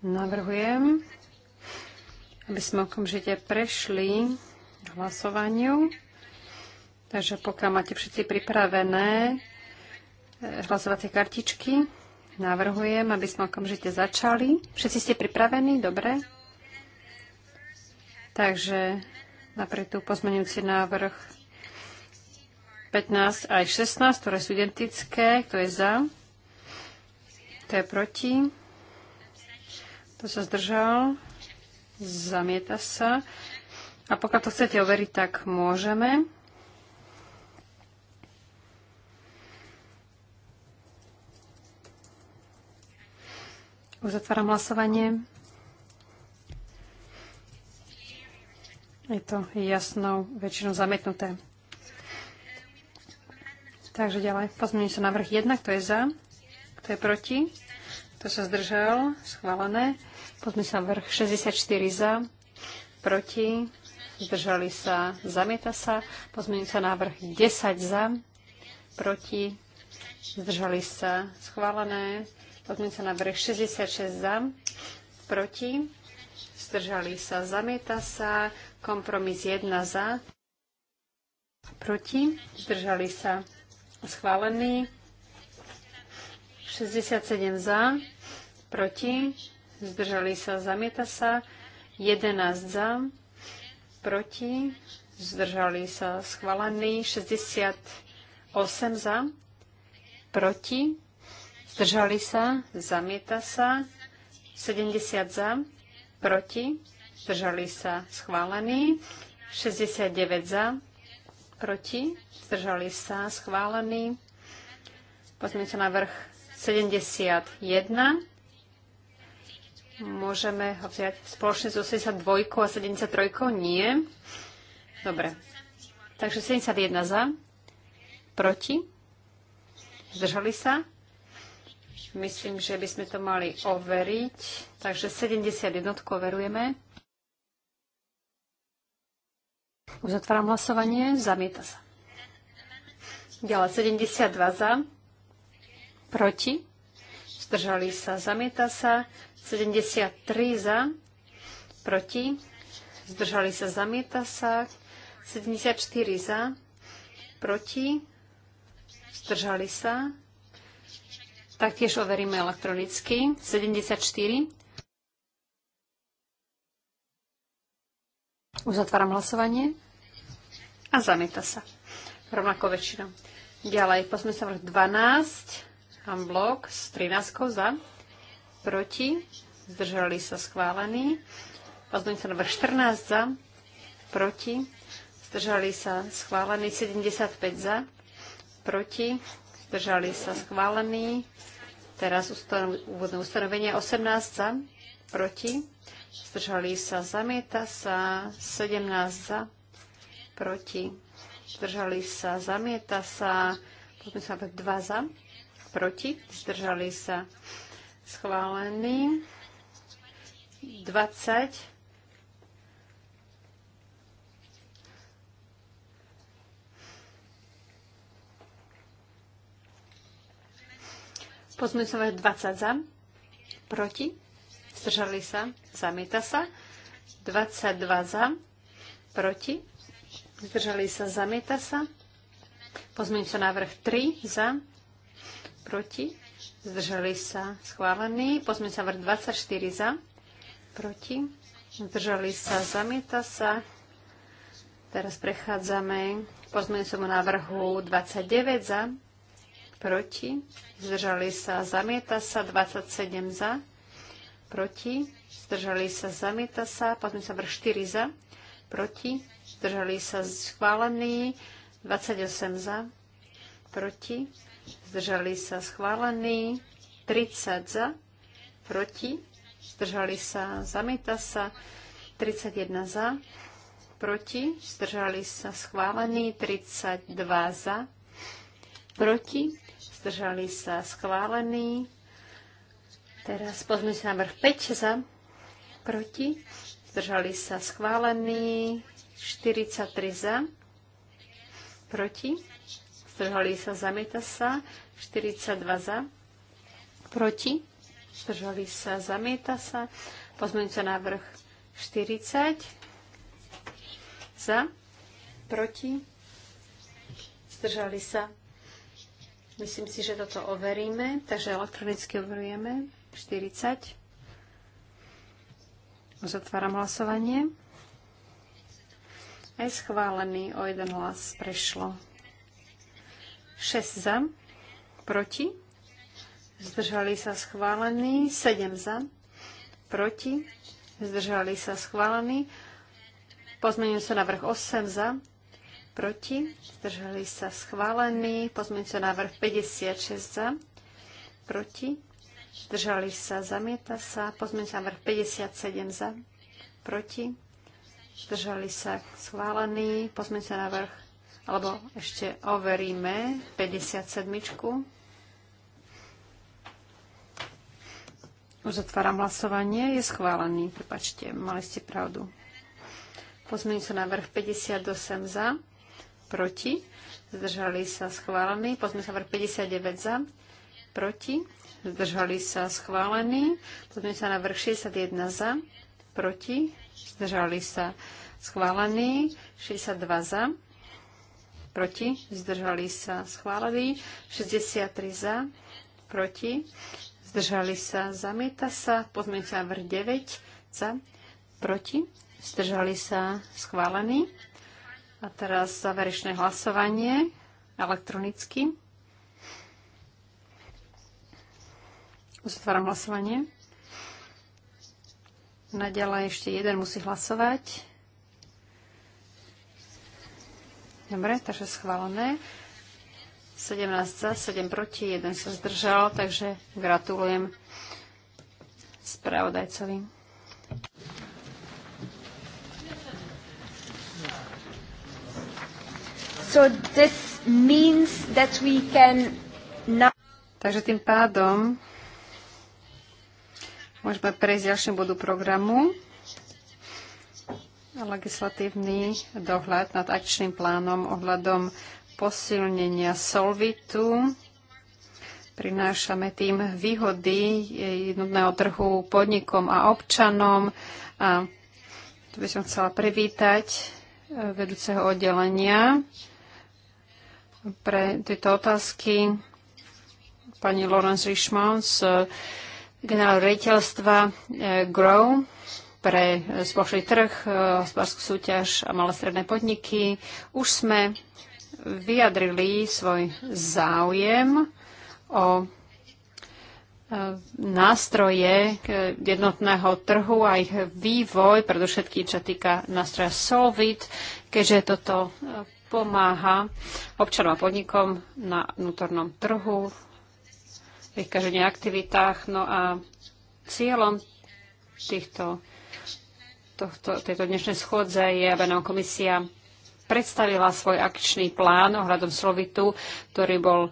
navrhujem, aby sme okamžite prešli k hlasovaniu. Takže pokiaľ máte všetci pripravené eh, hlasovacie kartičky, navrhujem, aby sme okamžite začali. Všetci ste pripravení? Dobre. Takže napriek tu pozmenujúci návrh 15 aj 16, ktoré sú identické. Kto je za? Kto je proti? Kto sa zdržal? Zamieta sa. A pokiaľ to chcete overiť, tak môžeme. Uzatváram hlasovanie. Je to jasnou väčšinou zamietnuté. Takže ďalej, pozmením sa navrh 1, kto je za, kto je proti, kto sa zdržal, schválené. Pozmením sa navrh 64 za, proti, zdržali sa, zamieta sa. Pozmením sa návrh 10 za, proti, zdržali sa, schválené. Pozmením sa návrh 66 za, proti, zdržali sa, zamieta sa. Kompromis 1 za, proti, zdržali sa, Schválený. 67 za, proti, zdržali sa, zamieta sa. 11 za, proti, zdržali sa, schválený. 68 za, proti, zdržali sa, zamieta sa. 70 za, proti, zdržali sa, schválený. 69 za, proti, zdržali sa, schválený. na vrch 71. Môžeme ho vziať spoločne so 72 a 73? Nie. Dobre. Takže 71 za, proti, zdržali sa. Myslím, že by sme to mali overiť. Takže 71 overujeme. Uzatváram hlasovanie. Zamieta sa. Ďalej 72 za. Proti. Zdržali sa. Zamieta sa. 73 za. Proti. Zdržali sa. Zamieta sa. 74 za. Proti. Zdržali sa. Taktiež overíme elektronicky. 74. Uzatváram hlasovanie a zamieta sa. Rovnako väčšina. Ďalej, posme sa vrch 12, blok s 13 za, proti, zdržali sa schválení. Pozmeň sa vrch 14 za, proti, zdržali sa schválení. 75 za, proti, zdržali sa schválení. Teraz úvodné ustanovenie 18 za, proti, zdržali sa, zamieta sa, 17 za, proti, zdržali sa, zamieta sa, potom sa 2 za, proti, zdržali sa, schválený, 20, Pozmeňujúce 20 za, proti, zdržali sa, zamieta sa, 22 za, proti, Zdržali sa, zamieta sa. sa návrh 3 za, proti. Zdržali sa, schválený. sa návrh 24 za, proti. Zdržali sa, zamieta sa. Teraz prechádzame k pozmeňujúcemu návrhu 29 za, proti. Zdržali sa, zamieta sa. 27 za, proti. Zdržali sa, zamieta sa. Pozmeňujúci návrh 4 za, proti zdržali sa schválení, 28 za, proti, zdržali sa schválení, 30 za, proti, zdržali sa, zamieta sa, 31 za, proti, zdržali sa schválení, 32 za, proti, zdržali sa schválení. Teraz pozmeňte návrh 5 za, proti, zdržali sa schválení, 43 za, proti, zdržali sa, zamieta sa, 42 za, proti, zdržali sa, zamieta sa, pozmeňujúca návrh 40 za, proti, zdržali sa. Myslím si, že toto overíme, takže elektronicky overujeme 40. Zatváram hlasovanie aj schválený. O jeden hlas prešlo. 6 za, proti. Zdržali sa schválení. 7 za, proti. Zdržali sa schválení. Pozmením sa navrh 8 za, proti. Zdržali sa schválení. Pozmením sa návrh 56 za, proti. Zdržali sa, zamieta sa. Pozmením sa návrh 57 za, proti Zdržali sa schválený na vrch. alebo ešte overíme 57. Uzatváram hlasovanie, je schválený. Prepačte, mali ste pravdu. na vrch 58 za, proti. Zdržali sa schválený. na vrch 59 za, proti. Zdržali sa schválený. na vrch 61 za, proti zdržali sa schválení, 62 za, proti, zdržali sa schválení, 63 za, proti, zdržali sa, zamieta sa, pozmeňujúci návrh 9 za, proti, zdržali sa schválení. A teraz záverečné hlasovanie elektronicky. Zatváram hlasovanie. Naďalej ešte jeden musí hlasovať. Dobre, takže schválené. 17 za, 7 proti, 1 sa zdržal, takže gratulujem spravodajcovi. So this means that we can now... Takže tým pádom Môžeme prejsť ďalším bodu programu. Legislatívny dohľad nad akčným plánom ohľadom posilnenia solvitu. Prinášame tým výhody jednotného trhu podnikom a občanom. A tu by som chcela privítať vedúceho oddelenia pre tieto otázky pani Laurence Richmond z generál rejiteľstva e, GROW pre e, spoločný trh, e, hospodárskú súťaž a malé stredné podniky. Už sme vyjadrili svoj záujem o nástroje jednotného trhu a ich vývoj, predovšetkým čo týka nástroja Solvit, keďže toto pomáha občanom a podnikom na vnútornom trhu ich aktivitách. No a cieľom týchto, tohto, tejto dnešnej schôdze je, aby nám komisia predstavila svoj akčný plán ohľadom Slovitu, ktorý bol e,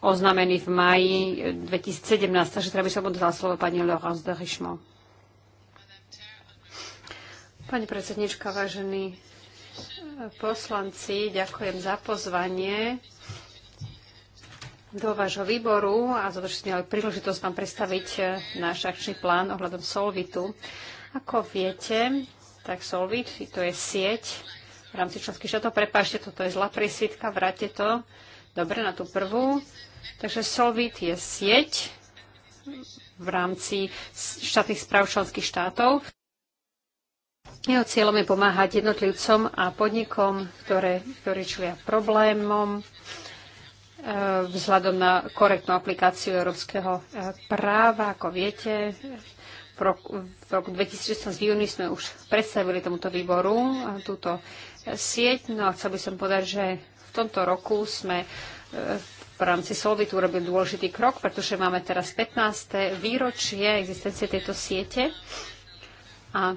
oznámený v maji 2017. Takže treba by som oddala slovo pani Laurence de Richemont. Pani predsednička, vážení poslanci, ďakujem za pozvanie do vášho výboru a za to, mali príležitosť vám predstaviť e, náš akčný plán ohľadom Solvitu. Ako viete, tak Solvit to je sieť v rámci členských štátov. Prepášte, toto je zlá prísvitka, vráte to. Dobre, na tú prvú. Takže Solvit je sieť v rámci štátnych správ členských štátov. Jeho cieľom je pomáhať jednotlivcom a podnikom, ktoré, ktorí čelia problémom, Eh, vzhľadom na korektnú aplikáciu európskeho eh, práva. Ako viete, v roku, v roku 2016 v júni sme už predstavili tomuto výboru eh, túto sieť. No a chcel by som povedať, že v tomto roku sme v rámci Solvitu urobili dôležitý krok, pretože máme teraz 15. výročie existencie tejto siete. A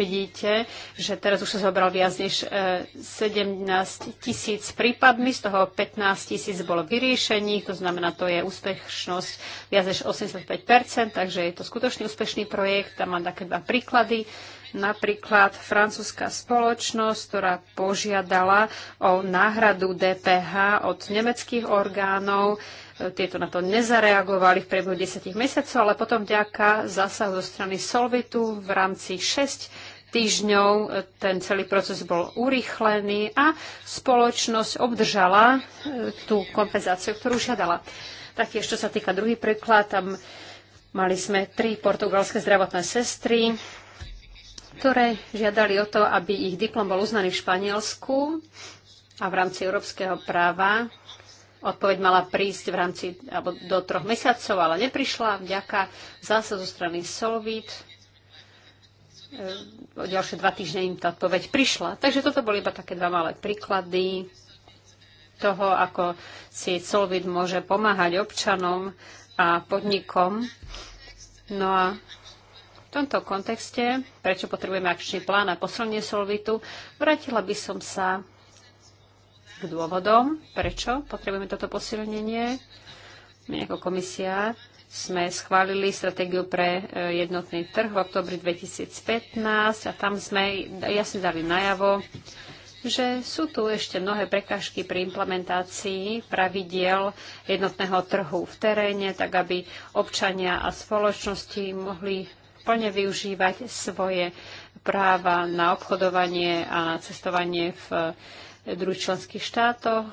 vidíte, že teraz už sa zobral viac než 17 e, tisíc prípadmi, z toho 15 tisíc bolo vyriešených, to znamená, to je úspešnosť viac než 85%, takže je to skutočný úspešný projekt. Tam mám také dva príklady. Napríklad francúzska spoločnosť, ktorá požiadala o náhradu DPH od nemeckých orgánov, e, tieto na to nezareagovali v priebehu 10 mesiacov, ale potom vďaka zásahu zo strany Solvitu v rámci 6 týždňov e, ten celý proces bol urychlený a spoločnosť obdržala e, tú kompenzáciu, ktorú žiadala. Taktiež, čo sa týka druhý príklad, tam mali sme tri portugalské zdravotné sestry, ktoré žiadali o to, aby ich diplom bol uznaný v Španielsku a v rámci európskeho práva odpoveď mala prísť v rámci, alebo do troch mesiacov, ale neprišla vďaka zase zo strany Solvit, E, o ďalšie dva týždne im tá odpoveď prišla. Takže toto boli iba také dva malé príklady toho, ako si Solvit môže pomáhať občanom a podnikom. No a v tomto kontexte, prečo potrebujeme akčný plán a posilnenie Solvitu, vrátila by som sa k dôvodom, prečo potrebujeme toto posilnenie. My ako komisia sme schválili stratégiu pre e, jednotný trh v oktobri 2015 a tam sme jasne dali najavo, že sú tu ešte mnohé prekážky pri implementácii pravidiel jednotného trhu v teréne, tak aby občania a spoločnosti mohli plne využívať svoje práva na obchodovanie a na cestovanie v e, druhých členských štátoch.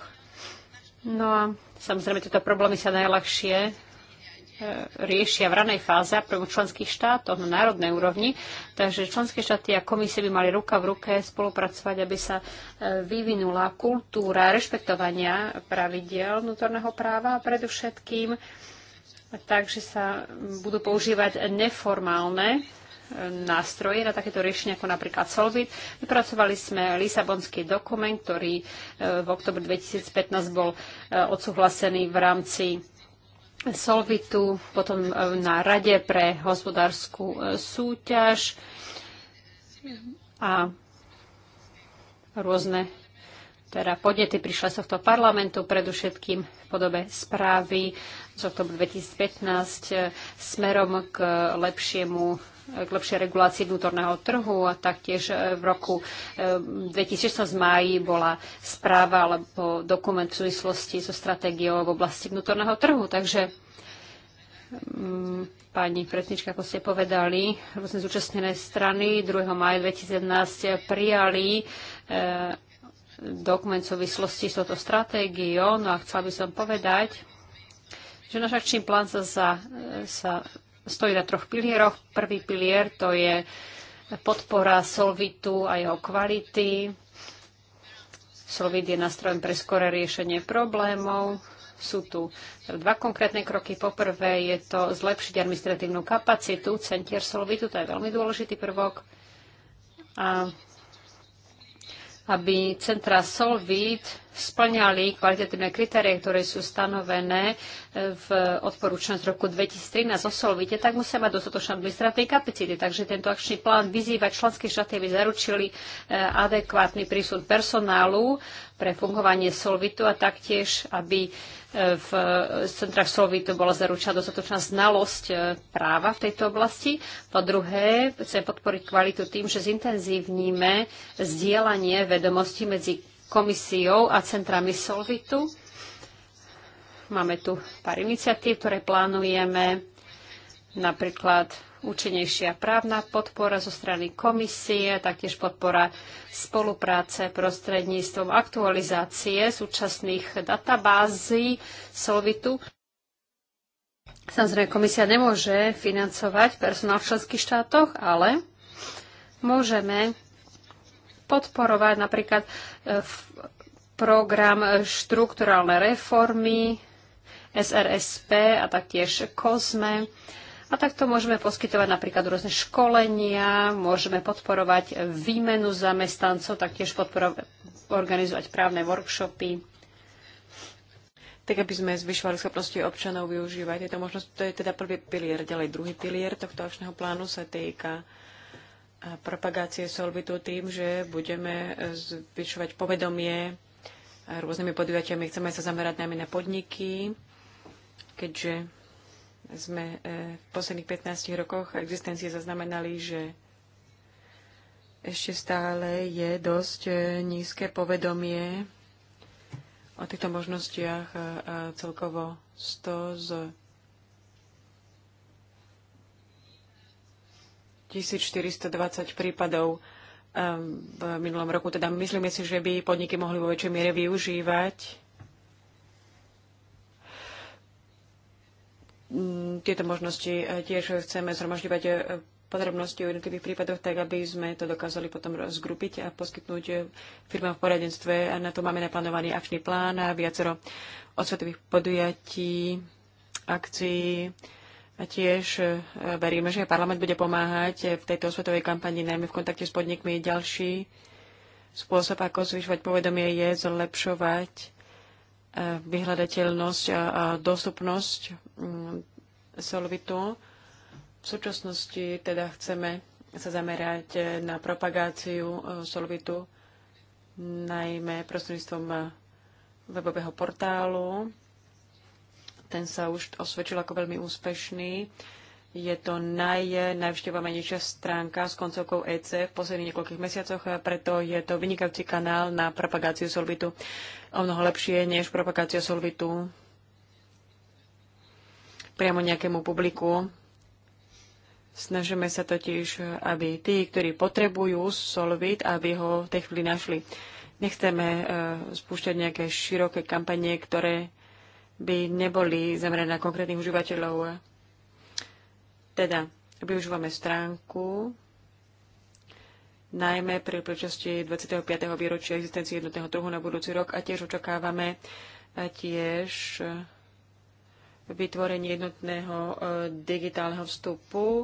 No a samozrejme, tieto problémy sa najľahšie riešia v ranej fáze a v členských štátoch na národnej úrovni. Takže členské štáty a komisie by mali ruka v ruke spolupracovať, aby sa e, vyvinula kultúra rešpektovania pravidel vnútorného práva predovšetkým. Takže sa budú používať neformálne e, nástroje na takéto riešenie, ako napríklad Solvit. Vypracovali sme Lisabonský dokument, ktorý e, v oktobri 2015 bol odsúhlasený v rámci Solvitu, potom e, na Rade pre hospodárskú e, súťaž a rôzne teda podnety prišla z tohto parlamentu, predovšetkým v podobe správy z oktobra 2015 e, smerom k lepšiemu k lepšej regulácii vnútorného trhu a taktiež e, v roku 2016 e, máji bola správa alebo dokument v súvislosti so stratégiou v oblasti vnútorného trhu. Takže mm, pani predsnička, ako ste povedali, rôzne zúčastnené strany 2. maja 2011 prijali e, dokument v súvislosti s touto stratégiou. No a chcela by som povedať, že náš akčný plán sa, sa, sa stojí na troch pilieroch. Prvý pilier to je podpora Solvitu a jeho kvality. Solvit je nástrojom pre skoré riešenie problémov. Sú tu dva konkrétne kroky. Poprvé je to zlepšiť administratívnu kapacitu centier Solvitu, to je veľmi dôležitý prvok. A aby centra Solvit splňali kvalitatívne kritérie, ktoré sú stanovené e, v odporúčaní z roku 2013 osolvite, Solvite, tak musia mať dostatočné administratívne kapacity. Takže tento akčný plán vyzýva členské štáty, aby zaručili e, adekvátny prísun personálu pre fungovanie Solvitu a taktiež, aby e, v centrách Solvitu bola zaručená dostatočná znalosť práva v tejto oblasti. Po druhé, chcem podporiť kvalitu tým, že zintenzívnime zdieľanie vedomostí medzi komisiou a centrami Solvitu. Máme tu pár iniciatív, ktoré plánujeme, napríklad účinnejšia právna podpora zo strany komisie, taktiež podpora spolupráce prostredníctvom aktualizácie súčasných databází Solvitu. Samozrejme, komisia nemôže financovať personál v členských štátoch, ale môžeme podporovať napríklad e, program štrukturálne reformy, SRSP a taktiež COSME. A takto môžeme poskytovať napríklad rôzne školenia, môžeme podporovať výmenu zamestnancov, taktiež organizovať právne workshopy. Tak aby sme zvyšovali schopnosti občanov využívať tieto možnosti. To je teda prvý pilier. Ďalej druhý pilier tohto akčného plánu sa týka propagácie solvitu tým, že budeme e, zvyšovať povedomie rôznymi podujatiami. Chceme sa zamerať najmä na podniky, keďže sme e, v posledných 15 rokoch existencie zaznamenali, že ešte stále je dosť e, nízke povedomie o týchto možnostiach celkovo 100 z 1420 prípadov v minulom roku. Teda myslíme si, že by podniky mohli vo väčšej miere využívať mm, tieto možnosti. E, tiež chceme zhromažďovať e, podrobnosti o jednotlivých prípadoch, tak aby sme to dokázali potom rozgrupiť a poskytnúť e, firmám v poradenstve. A na to máme naplánovaný akčný plán a viacero osvetových podujatí, akcií, a tiež e, veríme, že parlament bude pomáhať v tejto osvetovej kampani, najmä v kontakte s podnikmi. Ďalší spôsob, ako zvyšovať povedomie, je zlepšovať e, vyhľadateľnosť a dostupnosť mm, solvitu. V súčasnosti teda chceme sa zamerať e, na propagáciu solvitu najmä prostredníctvom webového portálu ten sa už osvedčil ako veľmi úspešný. Je to naj, najvštevovanejšia stránka s koncovkou EC v posledných niekoľkých mesiacoch, preto je to vynikajúci kanál na propagáciu Solvitu. O mnoho lepšie než propagácia Solvitu priamo nejakému publiku. Snažíme sa totiž, aby tí, ktorí potrebujú Solvit, aby ho v tej chvíli našli. Nechceme uh, spúšťať nejaké široké kampanie, ktoré by neboli zamerané na konkrétnych užívateľov. Teda využívame stránku najmä pri príležitosti 25. výročia existencie jednotného trhu na budúci rok a tiež očakávame tiež vytvorenie jednotného e, digitálneho vstupu. E,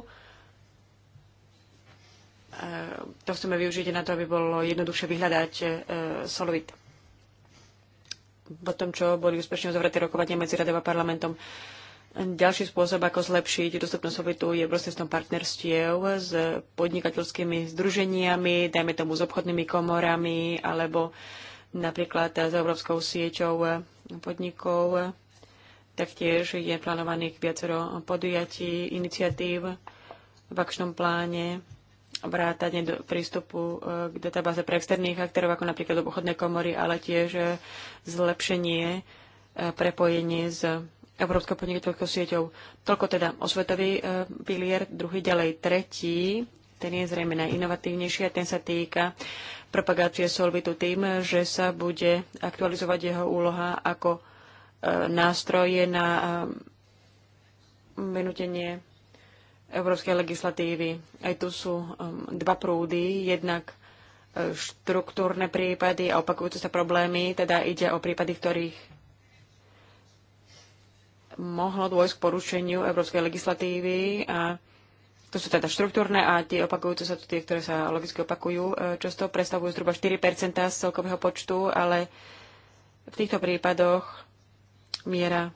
to chceme využiť na to, aby bolo jednoduchšie vyhľadať e, Solvit po tom, čo boli úspešne uzavreté rokovania medzi radou a parlamentom. Ďalší spôsob, ako zlepšiť dostupnosť obytu, je prostredstvom partnerstiev s podnikateľskými združeniami, dajme tomu s obchodnými komorami, alebo napríklad s Európskou sieťou podnikov. Taktiež je plánovaných viacero podujatí, iniciatív v akčnom pláne vrátane prístupu e, k databáze pre externých aktérov, ako napríklad obchodné komory, ale tiež e, zlepšenie e, prepojenie s Európskou podnikateľskou sieťou. Toľko teda osvetový pilier, druhý ďalej tretí, ten je zrejme najinovatívnejší a ten sa týka propagácie Solvitu tým, že sa bude aktualizovať jeho úloha ako nástroje na vynutenie európskej legislatívy. Aj tu sú um, dva prúdy, jednak e, štruktúrne prípady a opakujúce sa problémy, teda ide o prípady, v ktorých mohlo dôjsť k porušeniu európskej legislatívy a to sú teda štruktúrne a tie opakujúce sa, tie, ktoré sa logicky opakujú, e, často predstavujú zhruba 4 z celkového počtu, ale v týchto prípadoch miera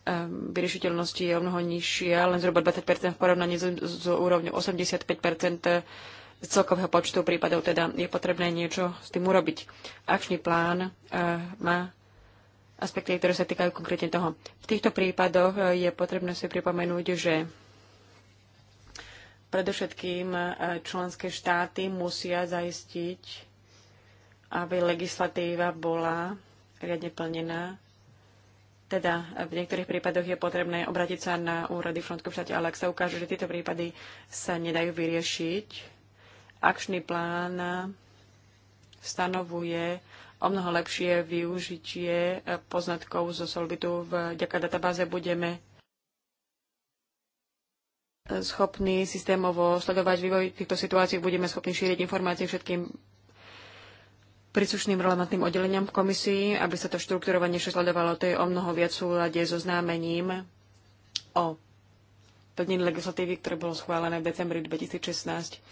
Ehm, vyriešiteľnosti je o mnoho nižšia, len zhruba 20 v porovnaní s, so úrovňou 85 eh, z celkového počtu prípadov, teda je potrebné niečo s tým urobiť. Akčný plán eh, má aspekty, ktoré sa týkajú konkrétne toho. V týchto prípadoch eh, je potrebné si pripomenúť, že predovšetkým členské štáty musia zaistiť, aby legislatíva bola riadne plnená teda v niektorých prípadoch je potrebné obratiť sa na úrady v štáte, ale ak sa ukáže, že tieto prípady sa nedajú vyriešiť, akčný plán stanovuje o mnoho lepšie využitie poznatkov zo Solbitu. Vďaka databáze budeme schopní systémovo sledovať vývoj týchto situácií, budeme schopní šíriť informácie všetkým príslušným relevantným oddeleniam v komisii, aby sa to štrukturovanejšie sledovalo. To je o mnoho viac súlade so známením o plnení legislatívy, ktoré bolo schválené v decembri 2016.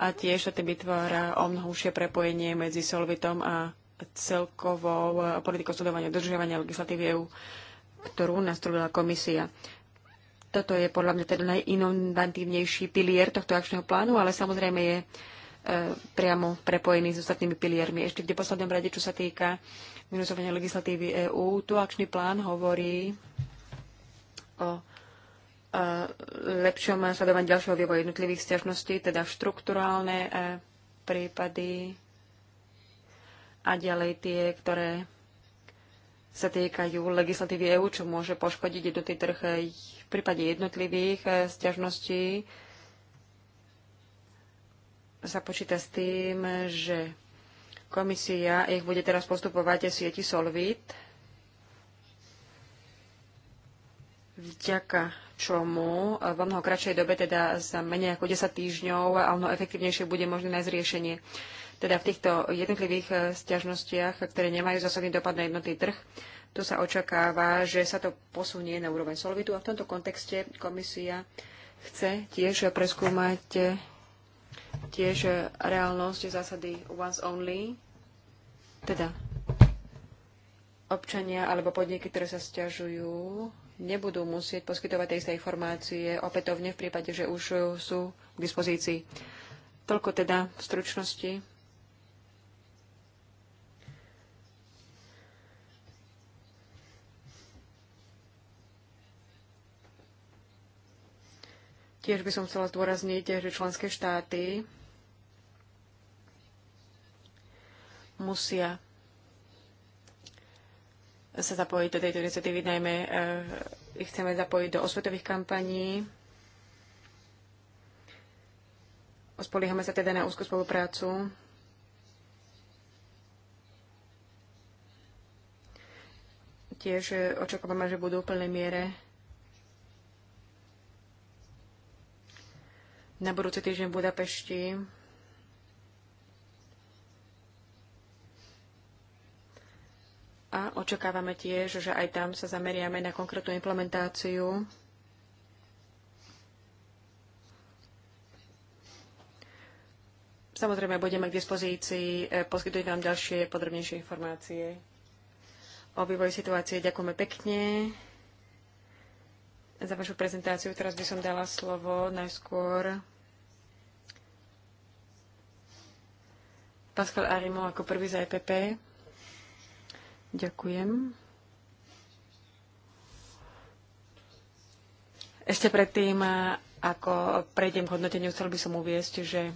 A tiež sa tým vytvára o mnoho užšie prepojenie medzi Solvitom a celkovou politikou sledovania dodržiavania legislatívy EU, ktorú nastrojila komisia. Toto je podľa mňa teda najinovatívnejší pilier tohto akčného plánu, ale samozrejme je priamo prepojený s ostatnými piliermi. Ešte kde poslednom rade, čo sa týka minusovania legislatívy EÚ, tu akčný plán hovorí o e, lepšom sledovaní ďalšieho vývoja jednotlivých stiažností, teda štruktúrálne e, prípady a ďalej tie, ktoré sa týkajú legislatívy EÚ, čo môže poškodiť jednotný trh e, v prípade jednotlivých stiažností sa počíta s tým, že komisia ich bude teraz postupovať v sieti Solvit, vďaka čomu v mnoho kratšej dobe, teda za menej ako 10 týždňov, a mnoho efektívnejšie bude možné nájsť riešenie. Teda v týchto jednotlivých eh, stiažnostiach, ktoré nemajú zásadný dopad na jednotný trh, tu sa očakáva, že sa to posunie na úroveň solvitu a v tomto kontexte komisia chce tiež preskúmať eh, tiež reálnosť zásady once only, teda občania alebo podniky, ktoré sa stiažujú, nebudú musieť poskytovať tie isté informácie opätovne v prípade, že už sú k dispozícii. Toľko teda v stručnosti Tiež by som chcela zdôrazniť, že členské štáty musia sa zapojiť do tejto iniciatívy, najmä eh, ich chceme zapojiť do osvetových kampaní. Spoliehame sa teda na úzkú spoluprácu. Tiež eh, očakávame, že budú v plnej miere na budúci týždeň v Budapešti. A očakávame tiež, že aj tam sa zameriame na konkrétnu implementáciu Samozrejme, budeme k dispozícii, e, poskytujem vám ďalšie podrobnejšie informácie o vývoji situácie. Ďakujeme pekne za vašu prezentáciu. Teraz by som dala slovo najskôr Pascal Arimo ako prvý za EPP. Ďakujem. Ešte predtým, ako prejdem k hodnoteniu, chcel by som uviesť, že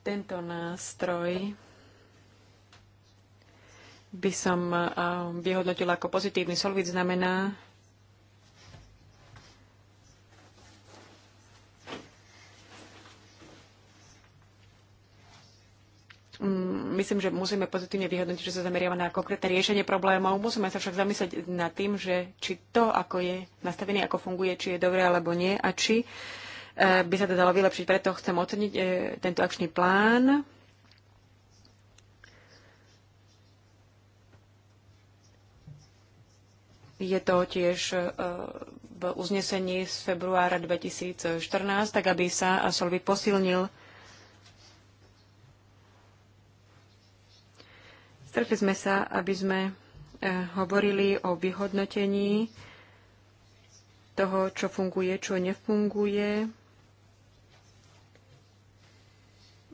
tento nástroj by som vyhodnotila ako pozitívny. Solvit znamená, Mm, myslím, že musíme pozitívne vyhodnotiť, že sa zameriava na konkrétne riešenie problémov. Musíme sa však zamyslieť nad tým, že či to, ako je nastavené, ako funguje, či je dobré alebo nie a či e, by sa to dalo vylepšiť. Preto chcem oceniť e, tento akčný plán. Je to tiež e, v uznesení z februára 2014, tak aby sa Solvit posilnil Stretli sme sa, aby sme eh, hovorili o vyhodnotení toho, čo funguje, čo nefunguje.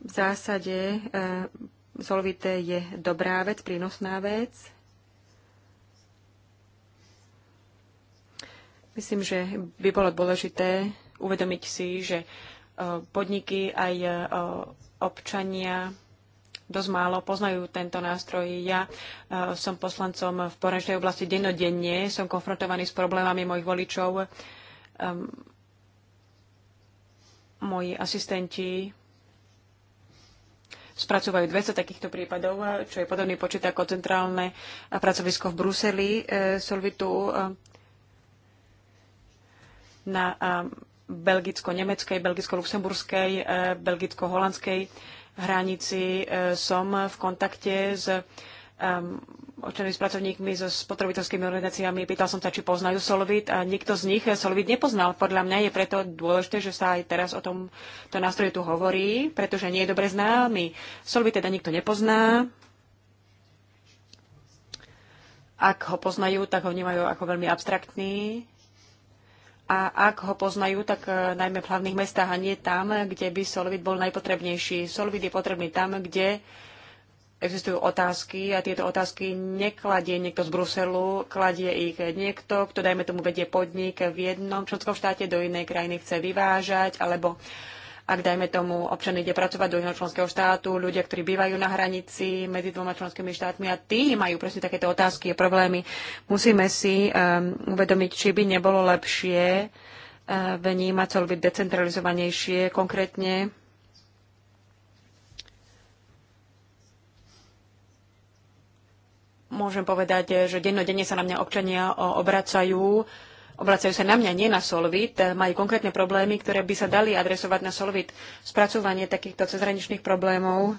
V zásade zolvité eh, je dobrá vec, prínosná vec. Myslím, že by bolo dôležité uvedomiť si, že eh, podniky aj občania dosť málo poznajú tento nástroj. Ja e, som poslancom v poražnej oblasti dennodenne, som konfrontovaný s problémami mojich voličov. Moji asistenti spracúvajú 200 takýchto prípadov, e, čo je podobný počet ako centrálne pracovisko v Bruseli e, Solvitu na belgicko-nemeckej, belgicko-luxemburskej, belgicko-holandskej hranici e, som v kontakte s občanými pracovníkmi, so spotrebiteľskými organizáciami. Pýtal som sa, či poznajú Solvit a nikto z nich Solvit nepoznal. Podľa mňa je preto dôležité, že sa aj teraz o tom to nástroje tu hovorí, pretože nie je dobre známy. Solvit teda nikto nepozná. Ak ho poznajú, tak ho vnímajú ako veľmi abstraktný a ak ho poznajú, tak e, najmä v hlavných mestách a nie tam, kde by Solvit bol najpotrebnejší. Solvit je potrebný tam, kde existujú otázky a tieto otázky nekladie niekto z Bruselu, kladie ich niekto, kto dajme tomu vedie podnik v jednom členskom štáte do inej krajiny chce vyvážať alebo uh, ak dajme tomu občan ide pracovať do iného členského štátu, ľudia, ktorí bývajú na hranici medzi dvoma členskými štátmi a tí majú presne takéto otázky a problémy. Musíme si um, uvedomiť, či by nebolo lepšie uh, vnímať cel byť decentralizovanejšie, konkrétne môžem povedať, že dennodenne sa na mňa občania obracajú uh, obracajú sa na mňa, nie na Solvit, majú konkrétne problémy, ktoré by sa dali adresovať na Solvit. Spracovanie takýchto cezhraničných problémov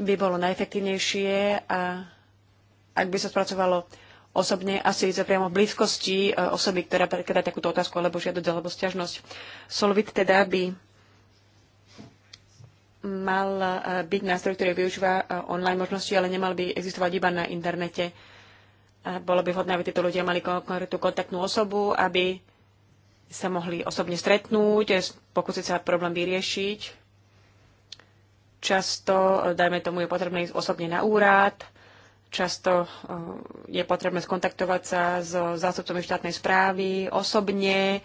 by bolo najefektívnejšie a ak by sa spracovalo osobne asi za priamo v blízkosti e, osoby, ktorá predkladá takúto otázku alebo žiadosť alebo stiažnosť. Solvit teda by mal e, byť nástroj, ktorý využíva e, online možnosti, ale nemal by existovať iba na internete. Bolo by vhodné, aby títo ľudia mali konkrétnu kontaktnú osobu, aby sa mohli osobne stretnúť, eh, pokúsiť sa problém vyriešiť. Často, eh, dajme tomu, je potrebné ísť osobne na úrad, často eh, je potrebné skontaktovať sa so zástupcami štátnej správy osobne,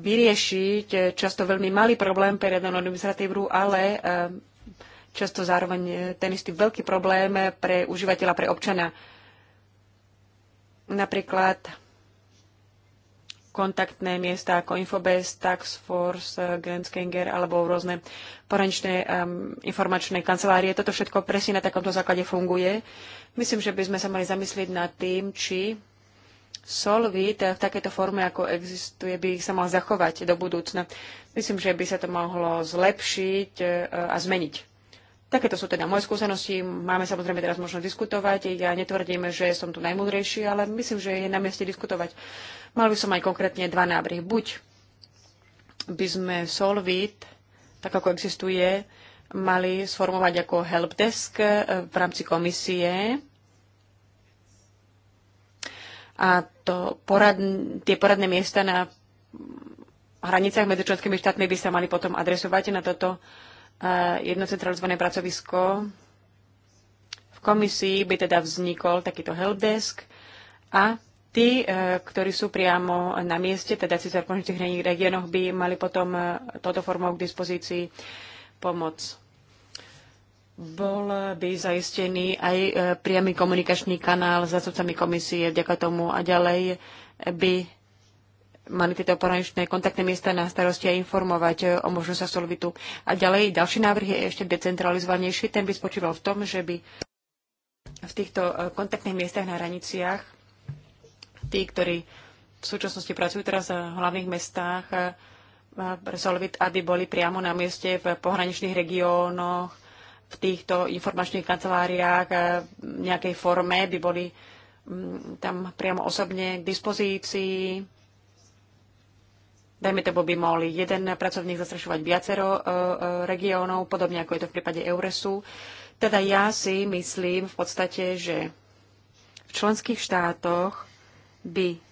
vyriešiť často veľmi malý problém pre jednu administratívu, ale často zároveň ten istý veľký problém pre užívateľa, pre občana. Napríklad kontaktné miesta ako Infobest, Tax Force, eh, Grenzkenger alebo rôzne porančné um, informačné kancelárie. Toto všetko presne na takomto základe funguje. Myslím, že by sme sa mali zamyslieť nad tým, či Solvit eh, v takejto forme, ako existuje, by sa mal zachovať do budúcna. Myslím, že by sa to mohlo zlepšiť eh, a zmeniť. Takéto sú teda moje skúsenosti. Máme samozrejme teraz možnosť diskutovať. Ja netvrdím, že som tu najmúdrejší, ale myslím, že je na mieste diskutovať. Mal by som aj konkrétne dva návrhy. Buď by sme Solvit, tak ako existuje, mali sformovať ako helpdesk eh, v rámci komisie. A to poradn- tie poradné miesta na hranicách medzi členskými štátmi by sa mali potom adresovať na toto uh, jedno centralizované pracovisko. V komisii by teda vznikol takýto helpdesk a tí, e, ktorí sú priamo na mieste, teda si v konečných regiónoch, by mali potom e, toto formou k dispozícii pomoc. Bol by zaistený aj e, priamy komunikačný kanál s zástupcami komisie vďaka tomu a ďalej by mali tieto pohraničné kontaktné miesta na starosti a informovať e, o možnosť solvitu. A ďalej, ďalší návrh je ešte decentralizovanejší. Ten by spočíval v tom, že by v týchto e, kontaktných miestach na hraniciach tí, ktorí v súčasnosti pracujú teraz v hlavných mestách e, Solvit, aby boli priamo na mieste v pohraničných regiónoch, v týchto informačných kanceláriách v nejakej forme, by boli mm, tam priamo osobne k dispozícii Dajme to by mohli jeden pracovník zastrešovať viacero e, e, regiónov, podobne ako je to v prípade Euresu. Teda ja si myslím v podstate, že v členských štátoch by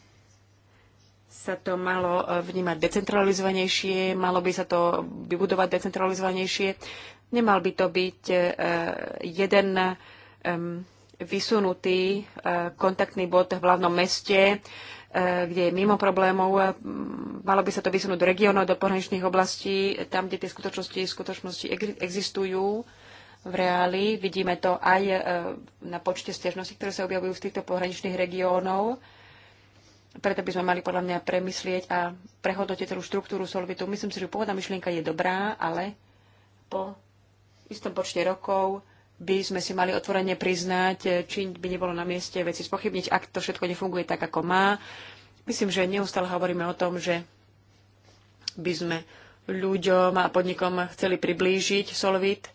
sa to malo e, vnímať decentralizovanejšie, malo by sa to vybudovať decentralizovanejšie. Nemal by to byť jeden vysunutý kontaktný bod v hlavnom meste, Eh, kde je mimo problémov. Eh, malo by sa to vysunúť do regiónov, do pohraničných oblastí, tam, kde tie skutočnosti, skutočnosti existujú v reáli. Vidíme to aj eh, na počte stiažností, ktoré sa objavujú z týchto pohraničných regiónov. Preto by sme mali podľa mňa premyslieť a prehodnotiť celú štruktúru solvitu. Myslím si, že pôvodná myšlienka je dobrá, ale po istom počte rokov by sme si mali otvorene priznať, e, či by nebolo na mieste veci spochybniť, ak to všetko nefunguje tak, ako má. Myslím, že neustále hovoríme o tom, že by sme ľuďom a podnikom chceli priblížiť Solvit.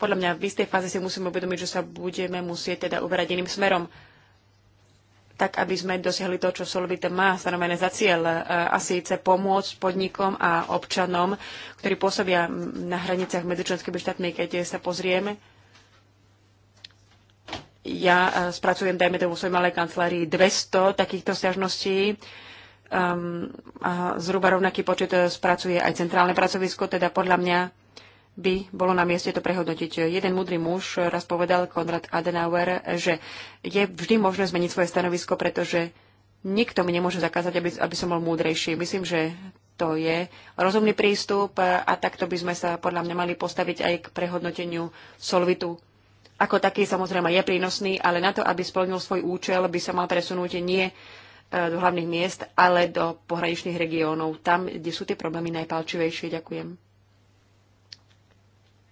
Podľa mňa v istej fáze si musíme uvedomiť, že sa budeme musieť teda uberať iným smerom tak aby sme dosiahli to, čo Solvita má stanovené za cieľ, e, a síce pomôcť podnikom a občanom, ktorí pôsobia na hraniciach medzi členskými štátmi, keď sa pozrieme. Ja e, spracujem, dajme to vo svojej malej kancelárii 200 takýchto stiažností. Um, a zhruba rovnaký počet e, spracuje aj centrálne pracovisko, teda podľa mňa by bolo na mieste to prehodnotiť. Jeden múdry muž raz povedal Konrad Adenauer, že je vždy možné zmeniť svoje stanovisko, pretože nikto mi nemôže zakázať, aby, aby som bol múdrejší. Myslím, že to je rozumný prístup a takto by sme sa podľa mňa mali postaviť aj k prehodnoteniu solvitu. Ako taký samozrejme je prínosný, ale na to, aby splnil svoj účel, by sa mal presunúť nie e, do hlavných miest, ale do pohraničných regiónov, tam, kde sú tie problémy najpalčivejšie. Ďakujem.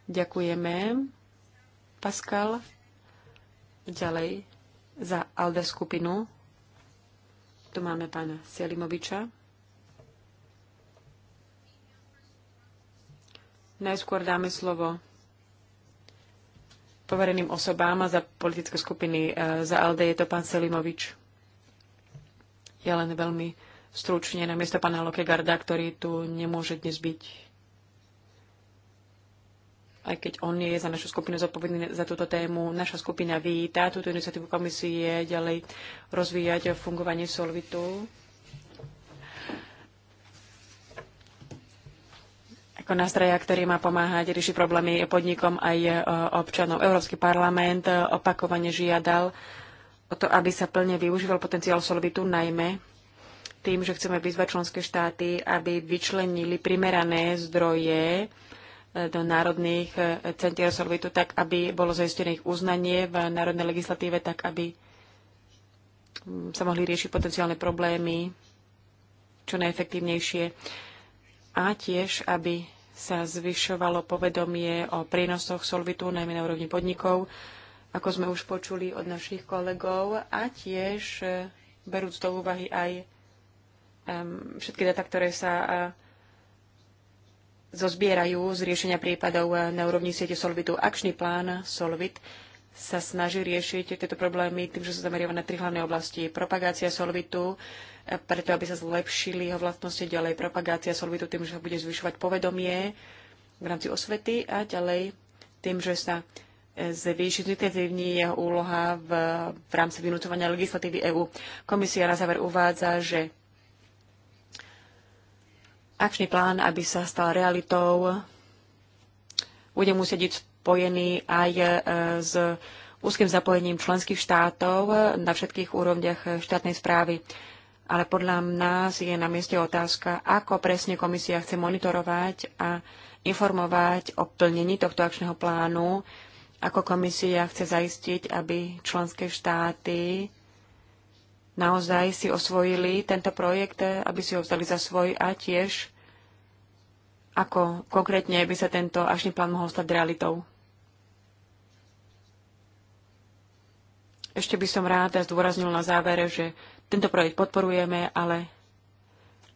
Ďakujeme, Pascal. Ďalej za ALDE skupinu. Tu máme pána Sielimoviča. Najskôr dáme slovo povereným osobám a za politické skupiny. E, za ALDE je to pán Selimovič. Je len veľmi stručne na miesto pána Lokegarda, ktorý tu nemôže dnes byť aj keď on nie je za našu skupinu zodpovedný za túto tému. Naša skupina víta túto iniciatívu komisie ďalej rozvíjať fungovanie Solvitu. ako nástroja, ktorý má pomáhať riešiť problémy podnikom aj e, občanov. Európsky parlament e, opakovane žiadal o to, aby sa plne využíval potenciál Solvitu, najmä tým, že chceme vyzvať členské štáty, aby vyčlenili primerané zdroje do národných e, centier solvitu, tak aby bolo zaistené ich uznanie v národnej legislatíve, tak aby mm, sa mohli riešiť potenciálne problémy čo najefektívnejšie a tiež, aby sa zvyšovalo povedomie o prínosoch solvitu, najmä na úrovni podnikov, ako sme už počuli od našich kolegov, a tiež e, berúc do úvahy aj um, všetky data, ktoré sa uh, zozbierajú z riešenia prípadov na úrovni siete Solvitu. Akčný plán Solvit sa snaží riešiť tieto problémy tým, že sa zameriava na tri hlavné oblasti. Propagácia Solvitu, eh, preto aby sa zlepšili jeho vlastnosti, ďalej propagácia Solvitu tým, že sa bude zvyšovať povedomie v rámci osvety a ďalej tým, že sa eh, zvýši intenzívni jeho úloha v, v rámci vynúcovania legislatívy EÚ. Komisia na záver uvádza, že akčný plán, aby sa stal realitou, bude musieť byť spojený aj e, s úzkým zapojením členských štátov na všetkých úrovniach štátnej správy. Ale podľa nás je na mieste otázka, ako presne komisia chce monitorovať a informovať o plnení tohto akčného plánu, ako komisia chce zaistiť, aby členské štáty naozaj si osvojili tento projekt, aby si ho vzali za svoj a tiež ako konkrétne by sa tento ašný plán mohol stať realitou. Ešte by som ráda zdôraznil na závere, že tento projekt podporujeme, ale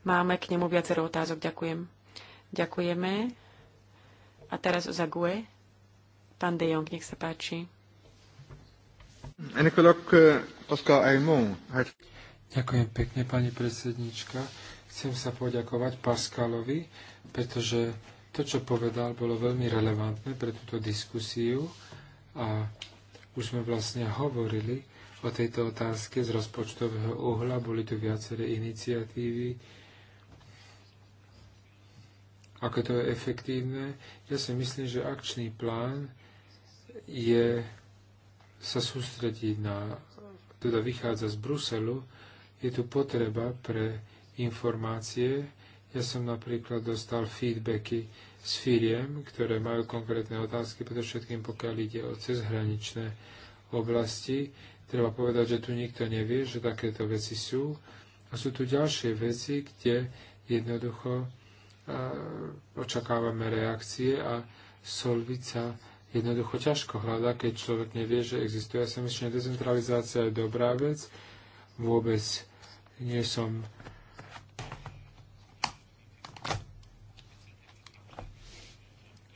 máme k nemu viacero otázok. Ďakujem. Ďakujeme. A teraz za GUE. Pán De Jong, nech sa páči. Uh, Ďakujem pekne, pani predsednička. Chcem sa poďakovať Paskalovi, pretože to, čo povedal, bolo veľmi relevantné pre túto diskusiu a už sme vlastne hovorili o tejto otázke z rozpočtového uhla. Boli tu viaceré iniciatívy, ako to je efektívne. Ja si myslím, že akčný plán je sa sústrediť na, teda vychádza z Bruselu, je tu potreba pre informácie. Ja som napríklad dostal feedbacky s firiem, ktoré majú konkrétne otázky, všetkým pokiaľ ide o cezhraničné oblasti. Treba povedať, že tu nikto nevie, že takéto veci sú. A sú tu ďalšie veci, kde jednoducho očakávame reakcie a Solvica jednoducho ťažko hľada, keď človek nevie, že existuje. Ja si myslím, že decentralizácia je dobrá vec. Vôbec nie som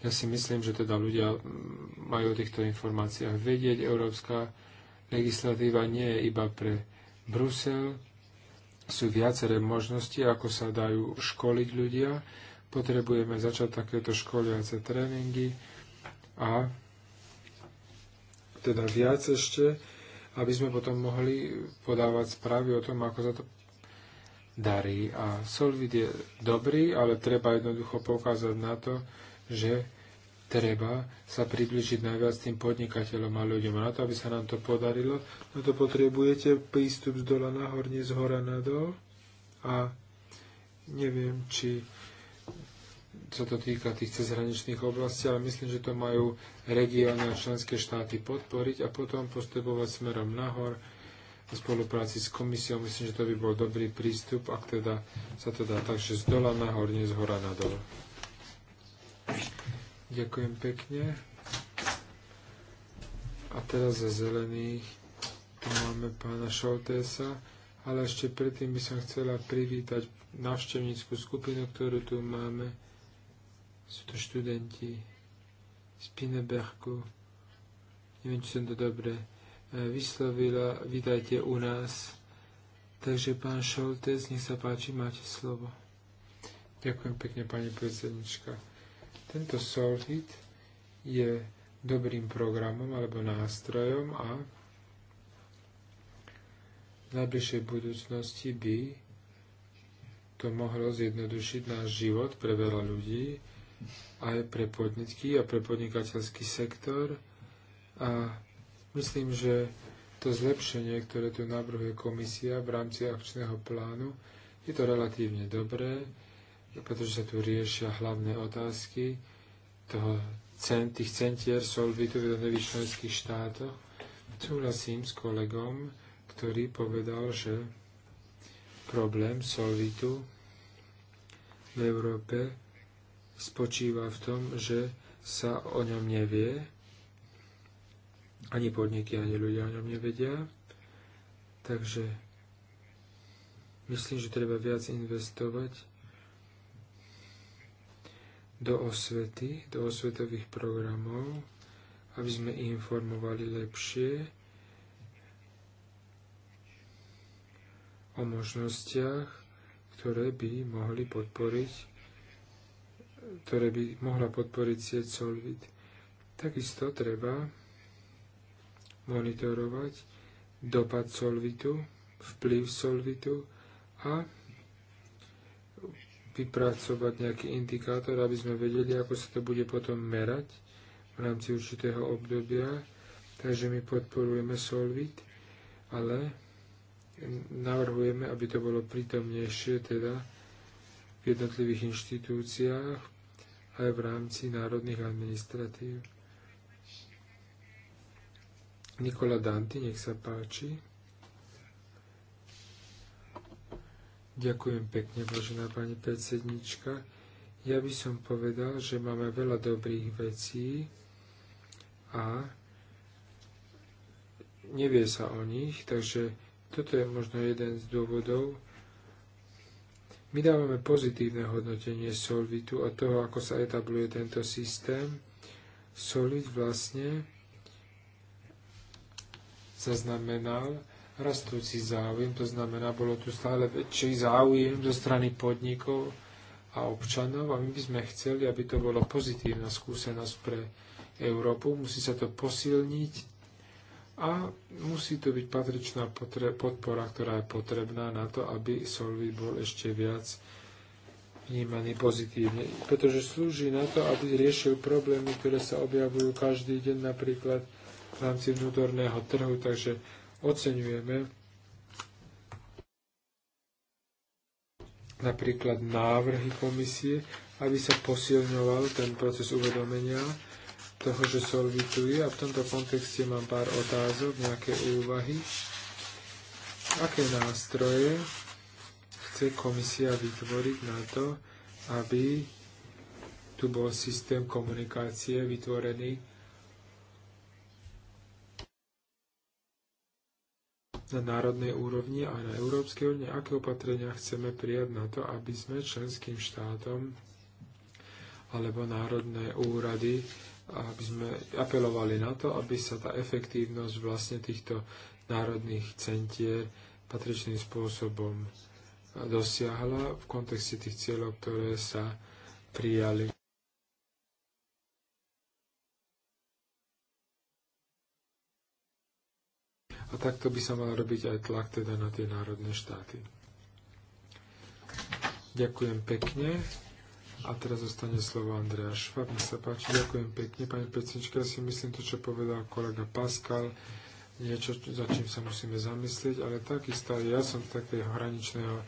Ja si myslím, že teda ľudia majú o týchto informáciách vedieť. Európska legislatíva nie je iba pre Brusel. Sú viaceré možnosti, ako sa dajú školiť ľudia. Potrebujeme začať takéto školiace tréningy a teda viac ešte, aby sme potom mohli podávať správy o tom, ako sa to darí. A Solvit je dobrý, ale treba jednoducho poukázať na to, že treba sa približiť najviac tým podnikateľom a ľuďom. A na to, aby sa nám to podarilo, na to potrebujete prístup z dola nahor, nie z hora nadol. A neviem, či sa to týka tých cezhraničných oblastí, ale myslím, že to majú regióny a členské štáty podporiť a potom postupovať smerom nahor v spolupráci s komisiou. Myslím, že to by bol dobrý prístup, ak teda sa to dá tak, že z dola nahor, nie z hora nadol. Ďakujem pekne. A teraz za zelených tu máme pána Šoltésa, ale ešte predtým by som chcela privítať navštevníckú skupinu, ktorú tu máme. Sú to študenti z Pineberku. Neviem, či som to dobre e, vyslovila. Vítajte u nás. Takže pán Šoltes, nech sa páči, máte slovo. Ďakujem pekne, pani predsednička. Tento Solvit je dobrým programom alebo nástrojom a v najbližšej budúcnosti by to mohlo zjednodušiť náš život pre veľa ľudí, aj pre podniky a pre podnikateľský sektor. A myslím, že to zlepšenie, ktoré tu navrhuje komisia v rámci akčného plánu, je to relatívne dobré, pretože sa tu riešia hlavné otázky toho, tých centier solvitu v jednotlivých členských štátoch. Súhlasím s kolegom, ktorý povedal, že problém solvitu v Európe spočíva v tom, že sa o ňom nevie, ani podniky, ani ľudia o ňom nevedia. Takže myslím, že treba viac investovať do osvety, do osvetových programov, aby sme informovali lepšie o možnostiach, ktoré by mohli podporiť ktoré by mohla podporiť sieť Solvit. Takisto treba monitorovať dopad Solvitu, vplyv Solvitu a vypracovať nejaký indikátor, aby sme vedeli, ako sa to bude potom merať v rámci určitého obdobia. Takže my podporujeme Solvit, ale navrhujeme, aby to bolo prítomnejšie teda v jednotlivých inštitúciách, aj v rámci národných administratív. Nikola Danti, nech sa páči. Ďakujem pekne, vážená pani predsednička. Ja by som povedal, že máme veľa dobrých vecí a nevie sa o nich, takže toto je možno jeden z dôvodov, my dávame pozitívne hodnotenie Solvitu a toho, ako sa etabluje tento systém. Solvit vlastne zaznamenal rastúci záujem, to znamená, bolo tu stále väčší záujem zo strany podnikov a občanov a my by sme chceli, aby to bola pozitívna skúsenosť pre Európu. Musí sa to posilniť a musí to byť patričná podpora, ktorá je potrebná na to, aby solvý bol ešte viac vnímaný pozitívne, pretože slúži na to, aby riešil problémy, ktoré sa objavujú každý deň napríklad v rámci vnútorného trhu, takže oceňujeme napríklad návrhy komisie, aby sa posilňoval ten proces uvedomenia, toho, že solvituje. A v tomto kontexte mám pár otázok, nejaké úvahy. Aké nástroje chce komisia vytvoriť na to, aby tu bol systém komunikácie vytvorený na národnej úrovni a na európskej úrovni, aké opatrenia chceme prijať na to, aby sme členským štátom alebo národné úrady aby sme apelovali na to, aby sa tá efektívnosť vlastne týchto národných centier patričným spôsobom dosiahla v kontexte tých cieľov, ktoré sa prijali. A takto by sa mal robiť aj tlak teda na tie národné štáty. Ďakujem pekne. A teraz zostane slovo Andrea Švab. Nech sa páči, ďakujem pekne, pani predsednička. Ja si myslím to, čo povedal kolega Pascal, niečo, za čím sa musíme zamyslieť, ale takisto ja som z takého hraničného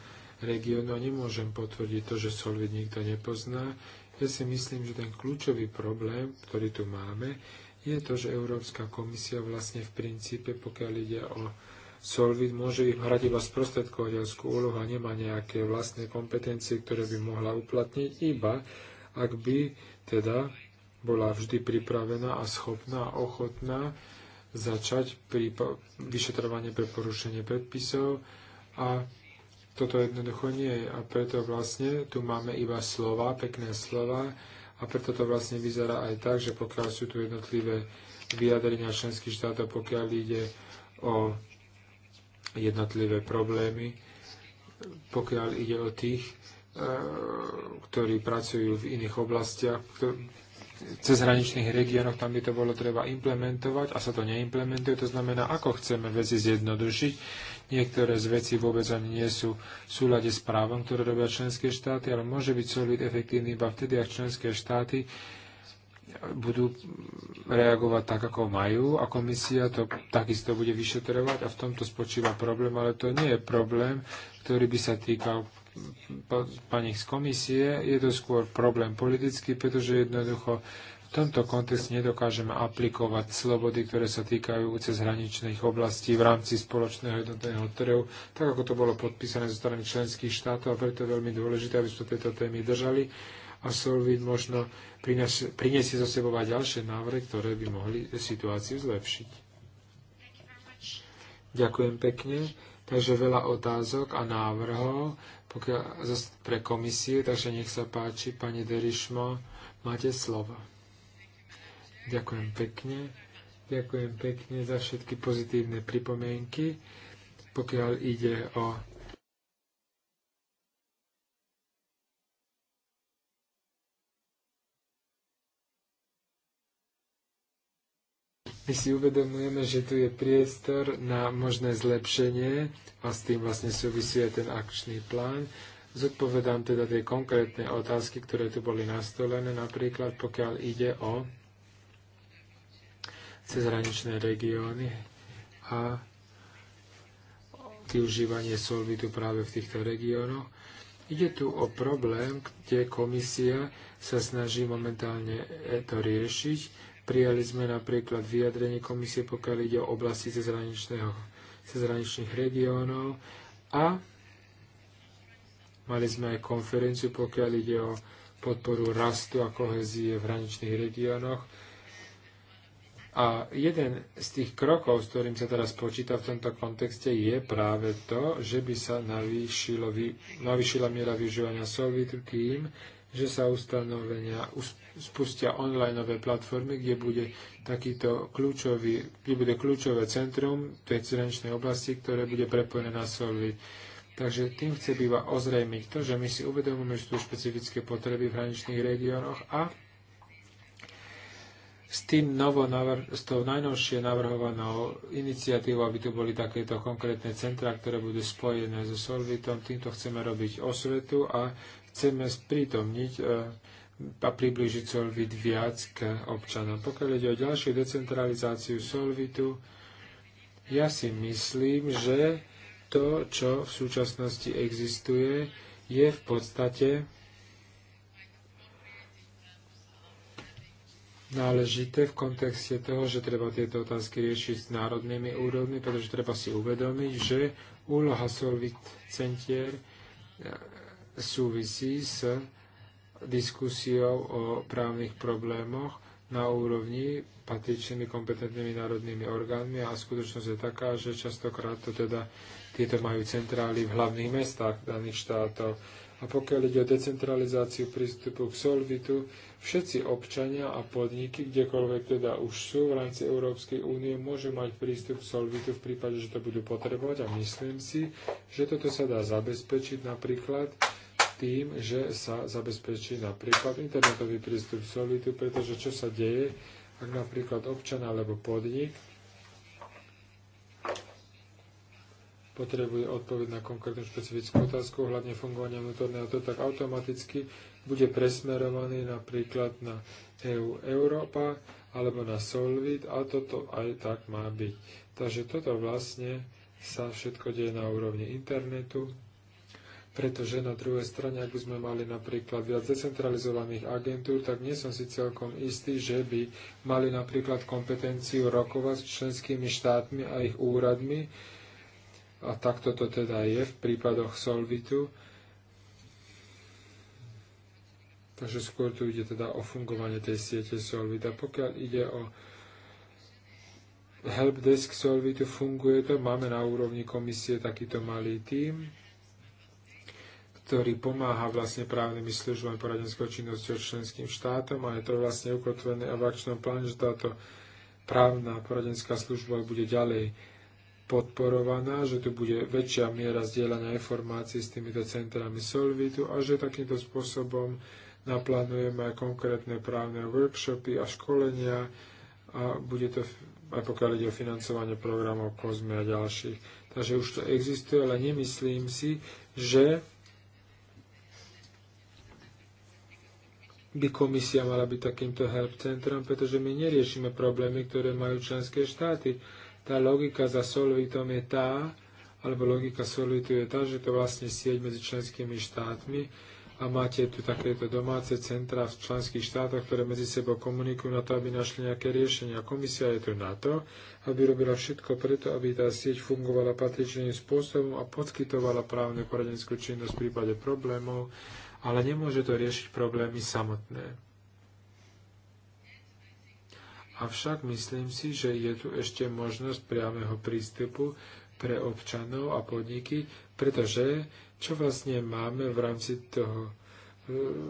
regiónu a nemôžem potvrdiť to, že Solvit nikto nepozná. Ja si myslím, že ten kľúčový problém, ktorý tu máme, je to, že Európska komisia vlastne v princípe, pokiaľ ide o Solvit môže im hrať iba sprostredkovateľskú úlohu a nemá nejaké vlastné kompetencie, ktoré by mohla uplatniť, iba ak by teda bola vždy pripravená a schopná a ochotná začať vyšetrovanie pre porušenie predpisov a toto jednoducho nie je. A preto vlastne tu máme iba slova, pekné slova a preto to vlastne vyzerá aj tak, že pokiaľ sú tu jednotlivé vyjadrenia členských štátov, pokiaľ ide o jednotlivé problémy, pokiaľ ide o tých, e, ktorí pracujú v iných oblastiach, v cezhraničných regiónoch, tam by to bolo treba implementovať a sa to neimplementuje. To znamená, ako chceme veci zjednodušiť. Niektoré z vecí vôbec ani nie sú v súlade s právom, ktoré robia členské štáty, ale môže byť solid efektívny iba vtedy, ak členské štáty budú reagovať tak, ako majú a komisia to takisto bude vyšetrovať a v tomto spočíva problém, ale to nie je problém, ktorý by sa týkal pani z komisie, je to skôr problém politický, pretože jednoducho v tomto kontexte nedokážeme aplikovať slobody, ktoré sa týkajú cezhraničných oblastí v rámci spoločného jednotného trhu, tak ako to bolo podpísané zo strany členských štátov a preto je veľmi dôležité, aby sme tieto témy držali a solviť možno priniesie so sebou aj ďalšie návrhy, ktoré by mohli situáciu zlepšiť. Ďakujem pekne. Takže veľa otázok a návrhov pokiaľ, pre komisie, takže nech sa páči, pani Derišmo, máte slovo. Ďakujem pekne. Ďakujem pekne za všetky pozitívne pripomienky. Pokiaľ ide o my si uvedomujeme, že tu je priestor na možné zlepšenie a s tým vlastne súvisí aj ten akčný plán. Zodpovedám teda tie konkrétne otázky, ktoré tu boli nastolené, napríklad pokiaľ ide o cezhraničné regióny a využívanie solvitu práve v týchto regiónoch. Ide tu o problém, kde komisia sa snaží momentálne to riešiť Prijali sme napríklad vyjadrenie komisie, pokiaľ ide o oblasti cezhraničných regiónov a mali sme aj konferenciu, pokiaľ ide o podporu rastu a kohezie v hraničných regiónoch. A jeden z tých krokov, s ktorým sa teraz počíta v tomto kontexte, je práve to, že by sa navýšilo, navýšila miera využívania solvitu tým, že sa ustanovenia spustia onlineové platformy, kde bude takýto kľúčový, kde bude kľúčové centrum tej cezhraničnej oblasti, ktoré bude prepojené na Solvit. Takže tým chce býva ozrejmiť to, že my si uvedomujeme, že sú špecifické potreby v hraničných regiónoch a s, tým novo navr- s tou najnovšie navrhovanou iniciatívou, aby tu boli takéto konkrétne centra, ktoré budú spojené so Solvitom. Týmto chceme robiť osvetu a chceme sprítomniť e, a približiť Solvit viac k občanom. Pokiaľ ide o ďalšiu decentralizáciu Solvitu, ja si myslím, že to, čo v súčasnosti existuje, je v podstate náležité v kontexte toho, že treba tieto otázky riešiť s národnými úrovni, pretože treba si uvedomiť, že úloha Solvit centier súvisí s diskusiou o právnych problémoch na úrovni patričnými kompetentnými národnými orgánmi a skutočnosť je taká, že častokrát to teda tieto majú centrály v hlavných mestách daných štátov. A pokiaľ ide o decentralizáciu prístupu k solvitu, všetci občania a podniky, kdekoľvek teda už sú v rámci Európskej únie, môžu mať prístup k solvitu v prípade, že to budú potrebovať a myslím si, že toto sa dá zabezpečiť napríklad tým, že sa zabezpečí napríklad internetový prístup v Solidu, pretože čo sa deje, ak napríklad občan alebo podnik potrebuje odpoveď na konkrétnu špecifickú otázku ohľadne fungovania vnútorného to tak automaticky bude presmerovaný napríklad na EU Európa alebo na Solvit a toto aj tak má byť. Takže toto vlastne sa všetko deje na úrovni internetu pretože na druhej strane, ak by sme mali napríklad viac decentralizovaných agentúr, tak nie som si celkom istý, že by mali napríklad kompetenciu rokovať s členskými štátmi a ich úradmi. A takto to teda je v prípadoch Solvitu. Takže skôr tu ide teda o fungovanie tej siete Solvita. Pokiaľ ide o helpdesk Solvitu, funguje to. Máme na úrovni komisie takýto malý tím ktorý pomáha vlastne právnymi službami činnosti činnosťou členským štátom a je to vlastne ukotvené a v akčnom pláne, že táto právna poradenská služba bude ďalej podporovaná, že tu bude väčšia miera zdieľania informácií s týmito centrami Solvitu a že takýmto spôsobom naplánujeme aj konkrétne právne workshopy a školenia a bude to aj pokiaľ ide o financovanie programov COSME a ďalších. Takže už to existuje, ale nemyslím si, že by komisia mala byť takýmto help centrom, pretože my neriešime problémy, ktoré majú členské štáty. Tá logika za Solvitom je tá, alebo logika Solvitu je tá, že to vlastne sieť medzi členskými štátmi a máte tu takéto domáce centra v členských štátoch, ktoré medzi sebou komunikujú na to, aby našli nejaké riešenia. Komisia je tu na to, aby robila všetko preto, aby tá sieť fungovala patričným spôsobom a poskytovala právne poradenskú činnosť v prípade problémov ale nemôže to riešiť problémy samotné. Avšak myslím si, že je tu ešte možnosť priamého prístupu pre občanov a podniky, pretože čo vlastne máme v rámci toho e,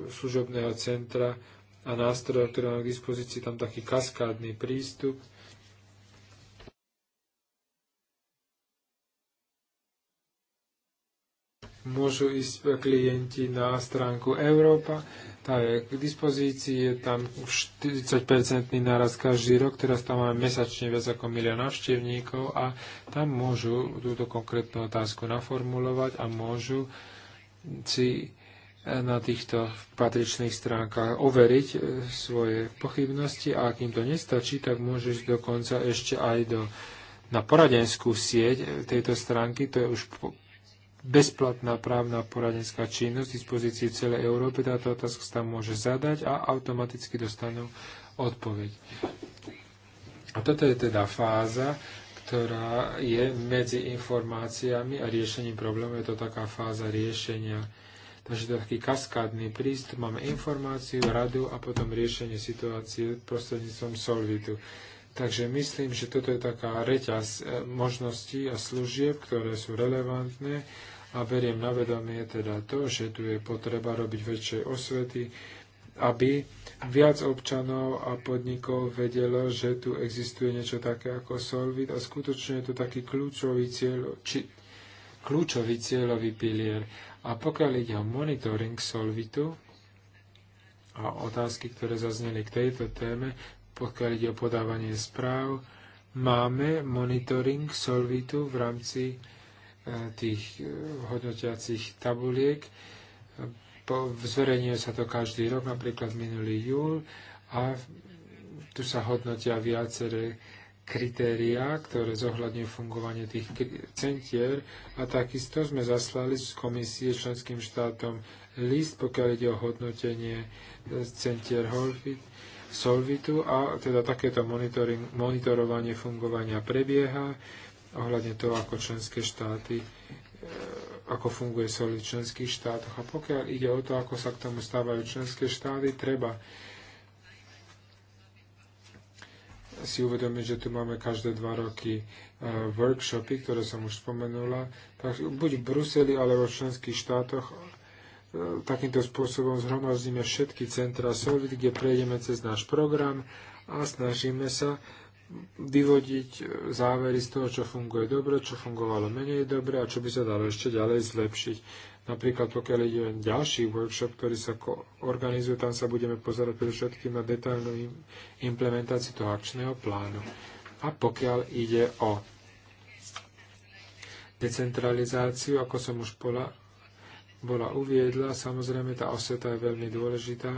služobného centra a nástrojov, ktoré máme k dispozícii, tam taký kaskádny prístup, môžu ísť klienti na stránku Európa. Tá je k dispozícii, je tam 40-percentný náraz každý rok, teraz tam máme mesačne viac ako milión návštevníkov a tam môžu túto konkrétnu otázku naformulovať a môžu si eh, na týchto patričných stránkach overiť eh, svoje pochybnosti a ak im to nestačí, tak môžeš dokonca ešte aj do, na poradenskú sieť eh, tejto stránky, to je už bezplatná právna poradenská činnosť v dispozícii celej Európe. Táto otázka sa tam môže zadať a automaticky dostanú odpoveď. A toto je teda fáza, ktorá je medzi informáciami a riešením problému. Je to taká fáza riešenia. Takže to je taký kaskádny prístup. Máme informáciu, radu a potom riešenie situácie prostredníctvom Solvitu. Takže myslím, že toto je taká reťaz eh, možností a služieb, ktoré sú relevantné a beriem na vedomie teda to, že tu je potreba robiť väčšej osvety, aby viac občanov a podnikov vedelo, že tu existuje niečo také ako Solvit a skutočne je to taký kľúčový, cieľ, či, kľúčový cieľový pilier. A pokiaľ ide o monitoring Solvitu a otázky, ktoré zazneli k tejto téme, pokiaľ ide o podávanie správ, máme monitoring Solvitu v rámci tých e, hodnotiacich tabuliek. Zverejňuje sa to každý rok, napríklad minulý júl, a tu sa hodnotia viaceré kritériá, ktoré zohľadňujú fungovanie tých centier a takisto sme zaslali z komisie členským štátom list, pokiaľ ide o hodnotenie e, centier Holfit, Solvitu a teda takéto monitorovanie fungovania prebieha ohľadne toho, ako členské štáty, e, ako funguje solid v členských štátoch. A pokiaľ ide o to, ako sa k tomu stávajú členské štáty, treba si uvedomiť, že tu máme každé dva roky e, workshopy, ktoré som už spomenula, tak buď v Bruseli alebo v členských štátoch e, takýmto spôsobom zhromaždíme všetky centra solid, kde prejdeme cez náš program a snažíme sa vyvodiť e, závery z toho, čo funguje dobre, čo fungovalo menej dobre a čo by sa dalo ešte ďalej zlepšiť. Napríklad pokiaľ ide o ďalší workshop, ktorý sa organizuje, tam sa budeme pozerať predovšetkým na detailnú implementáciu toho akčného plánu. A pokiaľ ide o decentralizáciu, ako som už bola, bola uviedla, samozrejme tá osveta je veľmi dôležitá,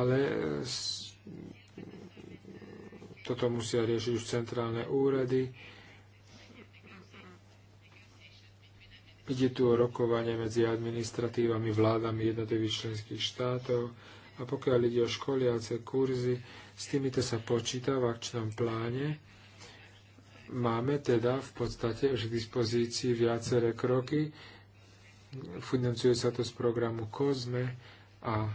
ale toto musia riešiť už centrálne úrady. Ide tu o rokovanie medzi administratívami, vládami jednotlivých členských štátov a pokiaľ ide o školiace kurzy, s týmito sa počíta v akčnom pláne. Máme teda v podstate už k dispozícii viaceré kroky. Financuje sa to z programu COSME a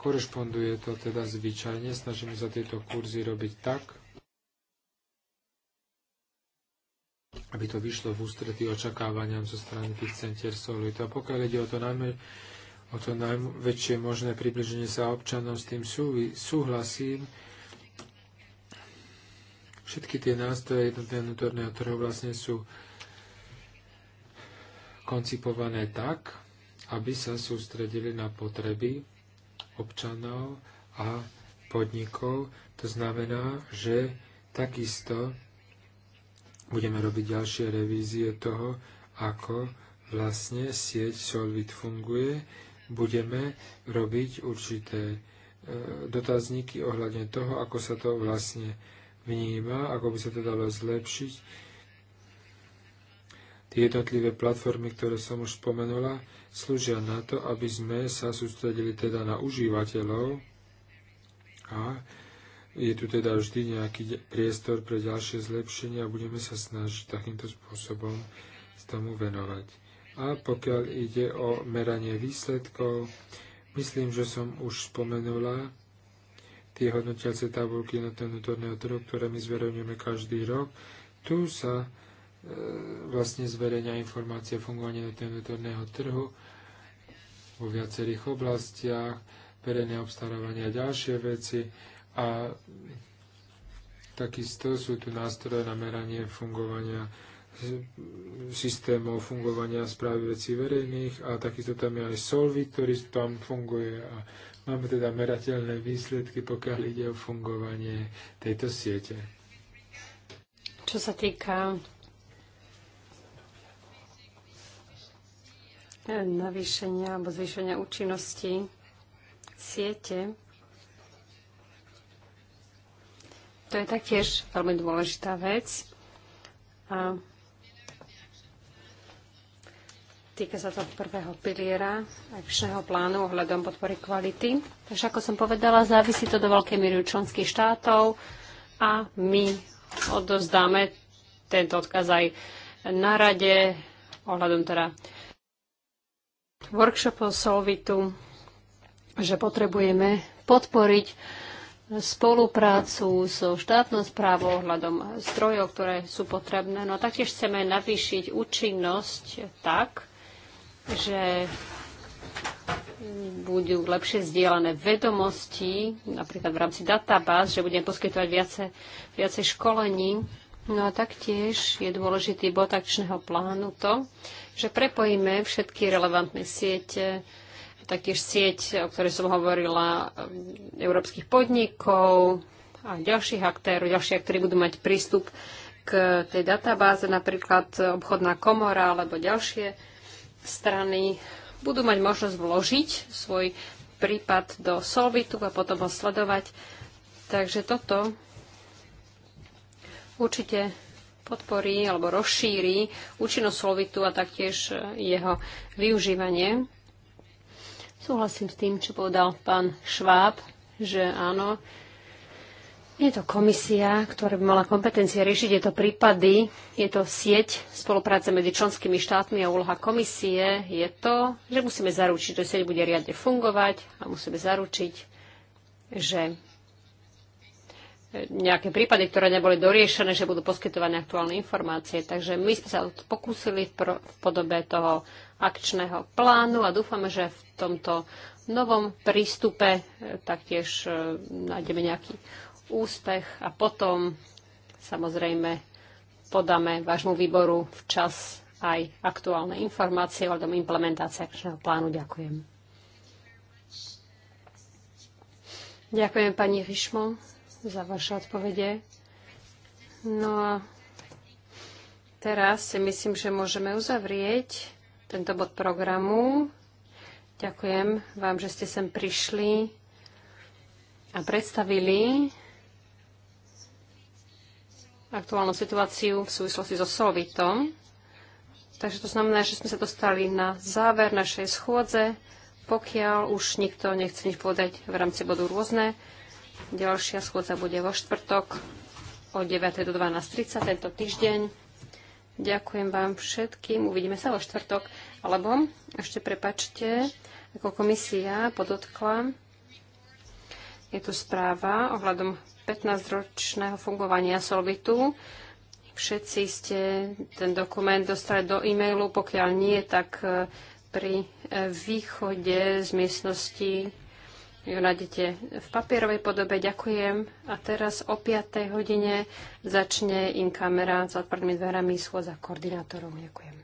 Korešponduje to teda zvyčajne, snažíme sa tieto kurzy robiť tak, aby to vyšlo v ústretí očakávaniam zo strany tých centier solitu. A pokiaľ ide o to, najmä, o to najväčšie možné približenie sa občanom, s tým súvi, súhlasím, všetky tie nástroje jednotného vnútorného trhu vlastne sú koncipované tak, aby sa sústredili na potreby občanov a podnikov. To znamená, že takisto budeme robiť ďalšie revízie toho, ako vlastne sieť Solvit funguje. Budeme robiť určité e, dotazníky ohľadne toho, ako sa to vlastne vníma, ako by sa to dalo zlepšiť. Tie jednotlivé platformy, ktoré som už spomenula, slúžia na to, aby sme sa sústredili teda na užívateľov a je tu teda vždy nejaký priestor pre ďalšie zlepšenia a budeme sa snažiť takýmto spôsobom tomu venovať. A pokiaľ ide o meranie výsledkov, myslím, že som už spomenula tie hodnotiace tabulky na ten vnútorného trhu, ktoré my zverejňujeme každý rok. Tu sa E, vlastne zverejňa informácie o fungovaní vnútorného trhu vo viacerých oblastiach, verejné obstarávanie a ďalšie veci a takisto sú tu nástroje na meranie fungovania systémov fungovania správy vecí verejných a takisto tam je aj Solvit, ktorý tam funguje a máme teda merateľné výsledky, pokiaľ ide o fungovanie tejto siete. Čo sa týka navýšenia alebo zvýšenia účinnosti siete. To je taktiež veľmi dôležitá vec. A týka sa to prvého piliera akčného plánu ohľadom podpory kvality. Takže ako som povedala, závisí to do veľkej miery členských štátov a my odozdáme tento odkaz aj na rade ohľadom teda workshopov Solvitu, že potrebujeme podporiť spoluprácu so štátnou správou ohľadom zdrojov, ktoré sú potrebné. No a taktiež chceme navýšiť účinnosť tak, že budú lepšie zdieľané vedomosti, napríklad v rámci databáz, že budeme poskytovať viacej, viacej školení No a taktiež je dôležitý bod akčného plánu to, že prepojíme všetky relevantné siete, taktiež sieť, o ktorej som hovorila, um, európskych podnikov a ďalších aktérov. Ďalší ktorí budú mať prístup k tej databáze, napríklad obchodná komora alebo ďalšie strany budú mať možnosť vložiť svoj prípad do Solvitu a potom ho sledovať. Takže toto určite podporí alebo rozšíri účinnosť slovitu a taktiež e, jeho využívanie. Súhlasím s tým, čo povedal pán Šváb, že áno, je to komisia, ktorá by mala kompetencie riešiť tieto prípady. Je to sieť spolupráce medzi členskými štátmi a úloha komisie je to, že musíme zaručiť, že sieť bude riadne fungovať a musíme zaručiť, že nejaké prípady, ktoré neboli doriešené, že budú poskytované aktuálne informácie. Takže my sme sa pokúsili v, pro, v podobe toho akčného plánu a dúfame, že v tomto novom prístupe e, taktiež e, nájdeme nejaký úspech a potom samozrejme podáme vášmu výboru včas aj aktuálne informácie o implementácie akčného plánu. Ďakujem. Ďakujem pani Rišmo za vaše odpovede. No a teraz si myslím, že môžeme uzavrieť tento bod programu. Ďakujem vám, že ste sem prišli a predstavili aktuálnu situáciu v súvislosti so Solvitom. Takže to znamená, že sme sa dostali na záver našej schôdze. Pokiaľ už nikto nechce nič povedať v rámci bodu rôzne, Ďalšia schôdza bude vo štvrtok od 9. do 12.30 tento týždeň. Ďakujem vám všetkým. Uvidíme sa vo štvrtok. Alebo ešte prepačte, ako komisia podotkla, je tu správa ohľadom 15-ročného fungovania Solvitu. Všetci ste ten dokument dostali do e-mailu, pokiaľ nie, tak pri východe z miestnosti ju nájdete v papierovej podobe. Ďakujem. A teraz o 5. hodine začne in kamera s otvorenými dverami schôdza koordinátorov. Ďakujem.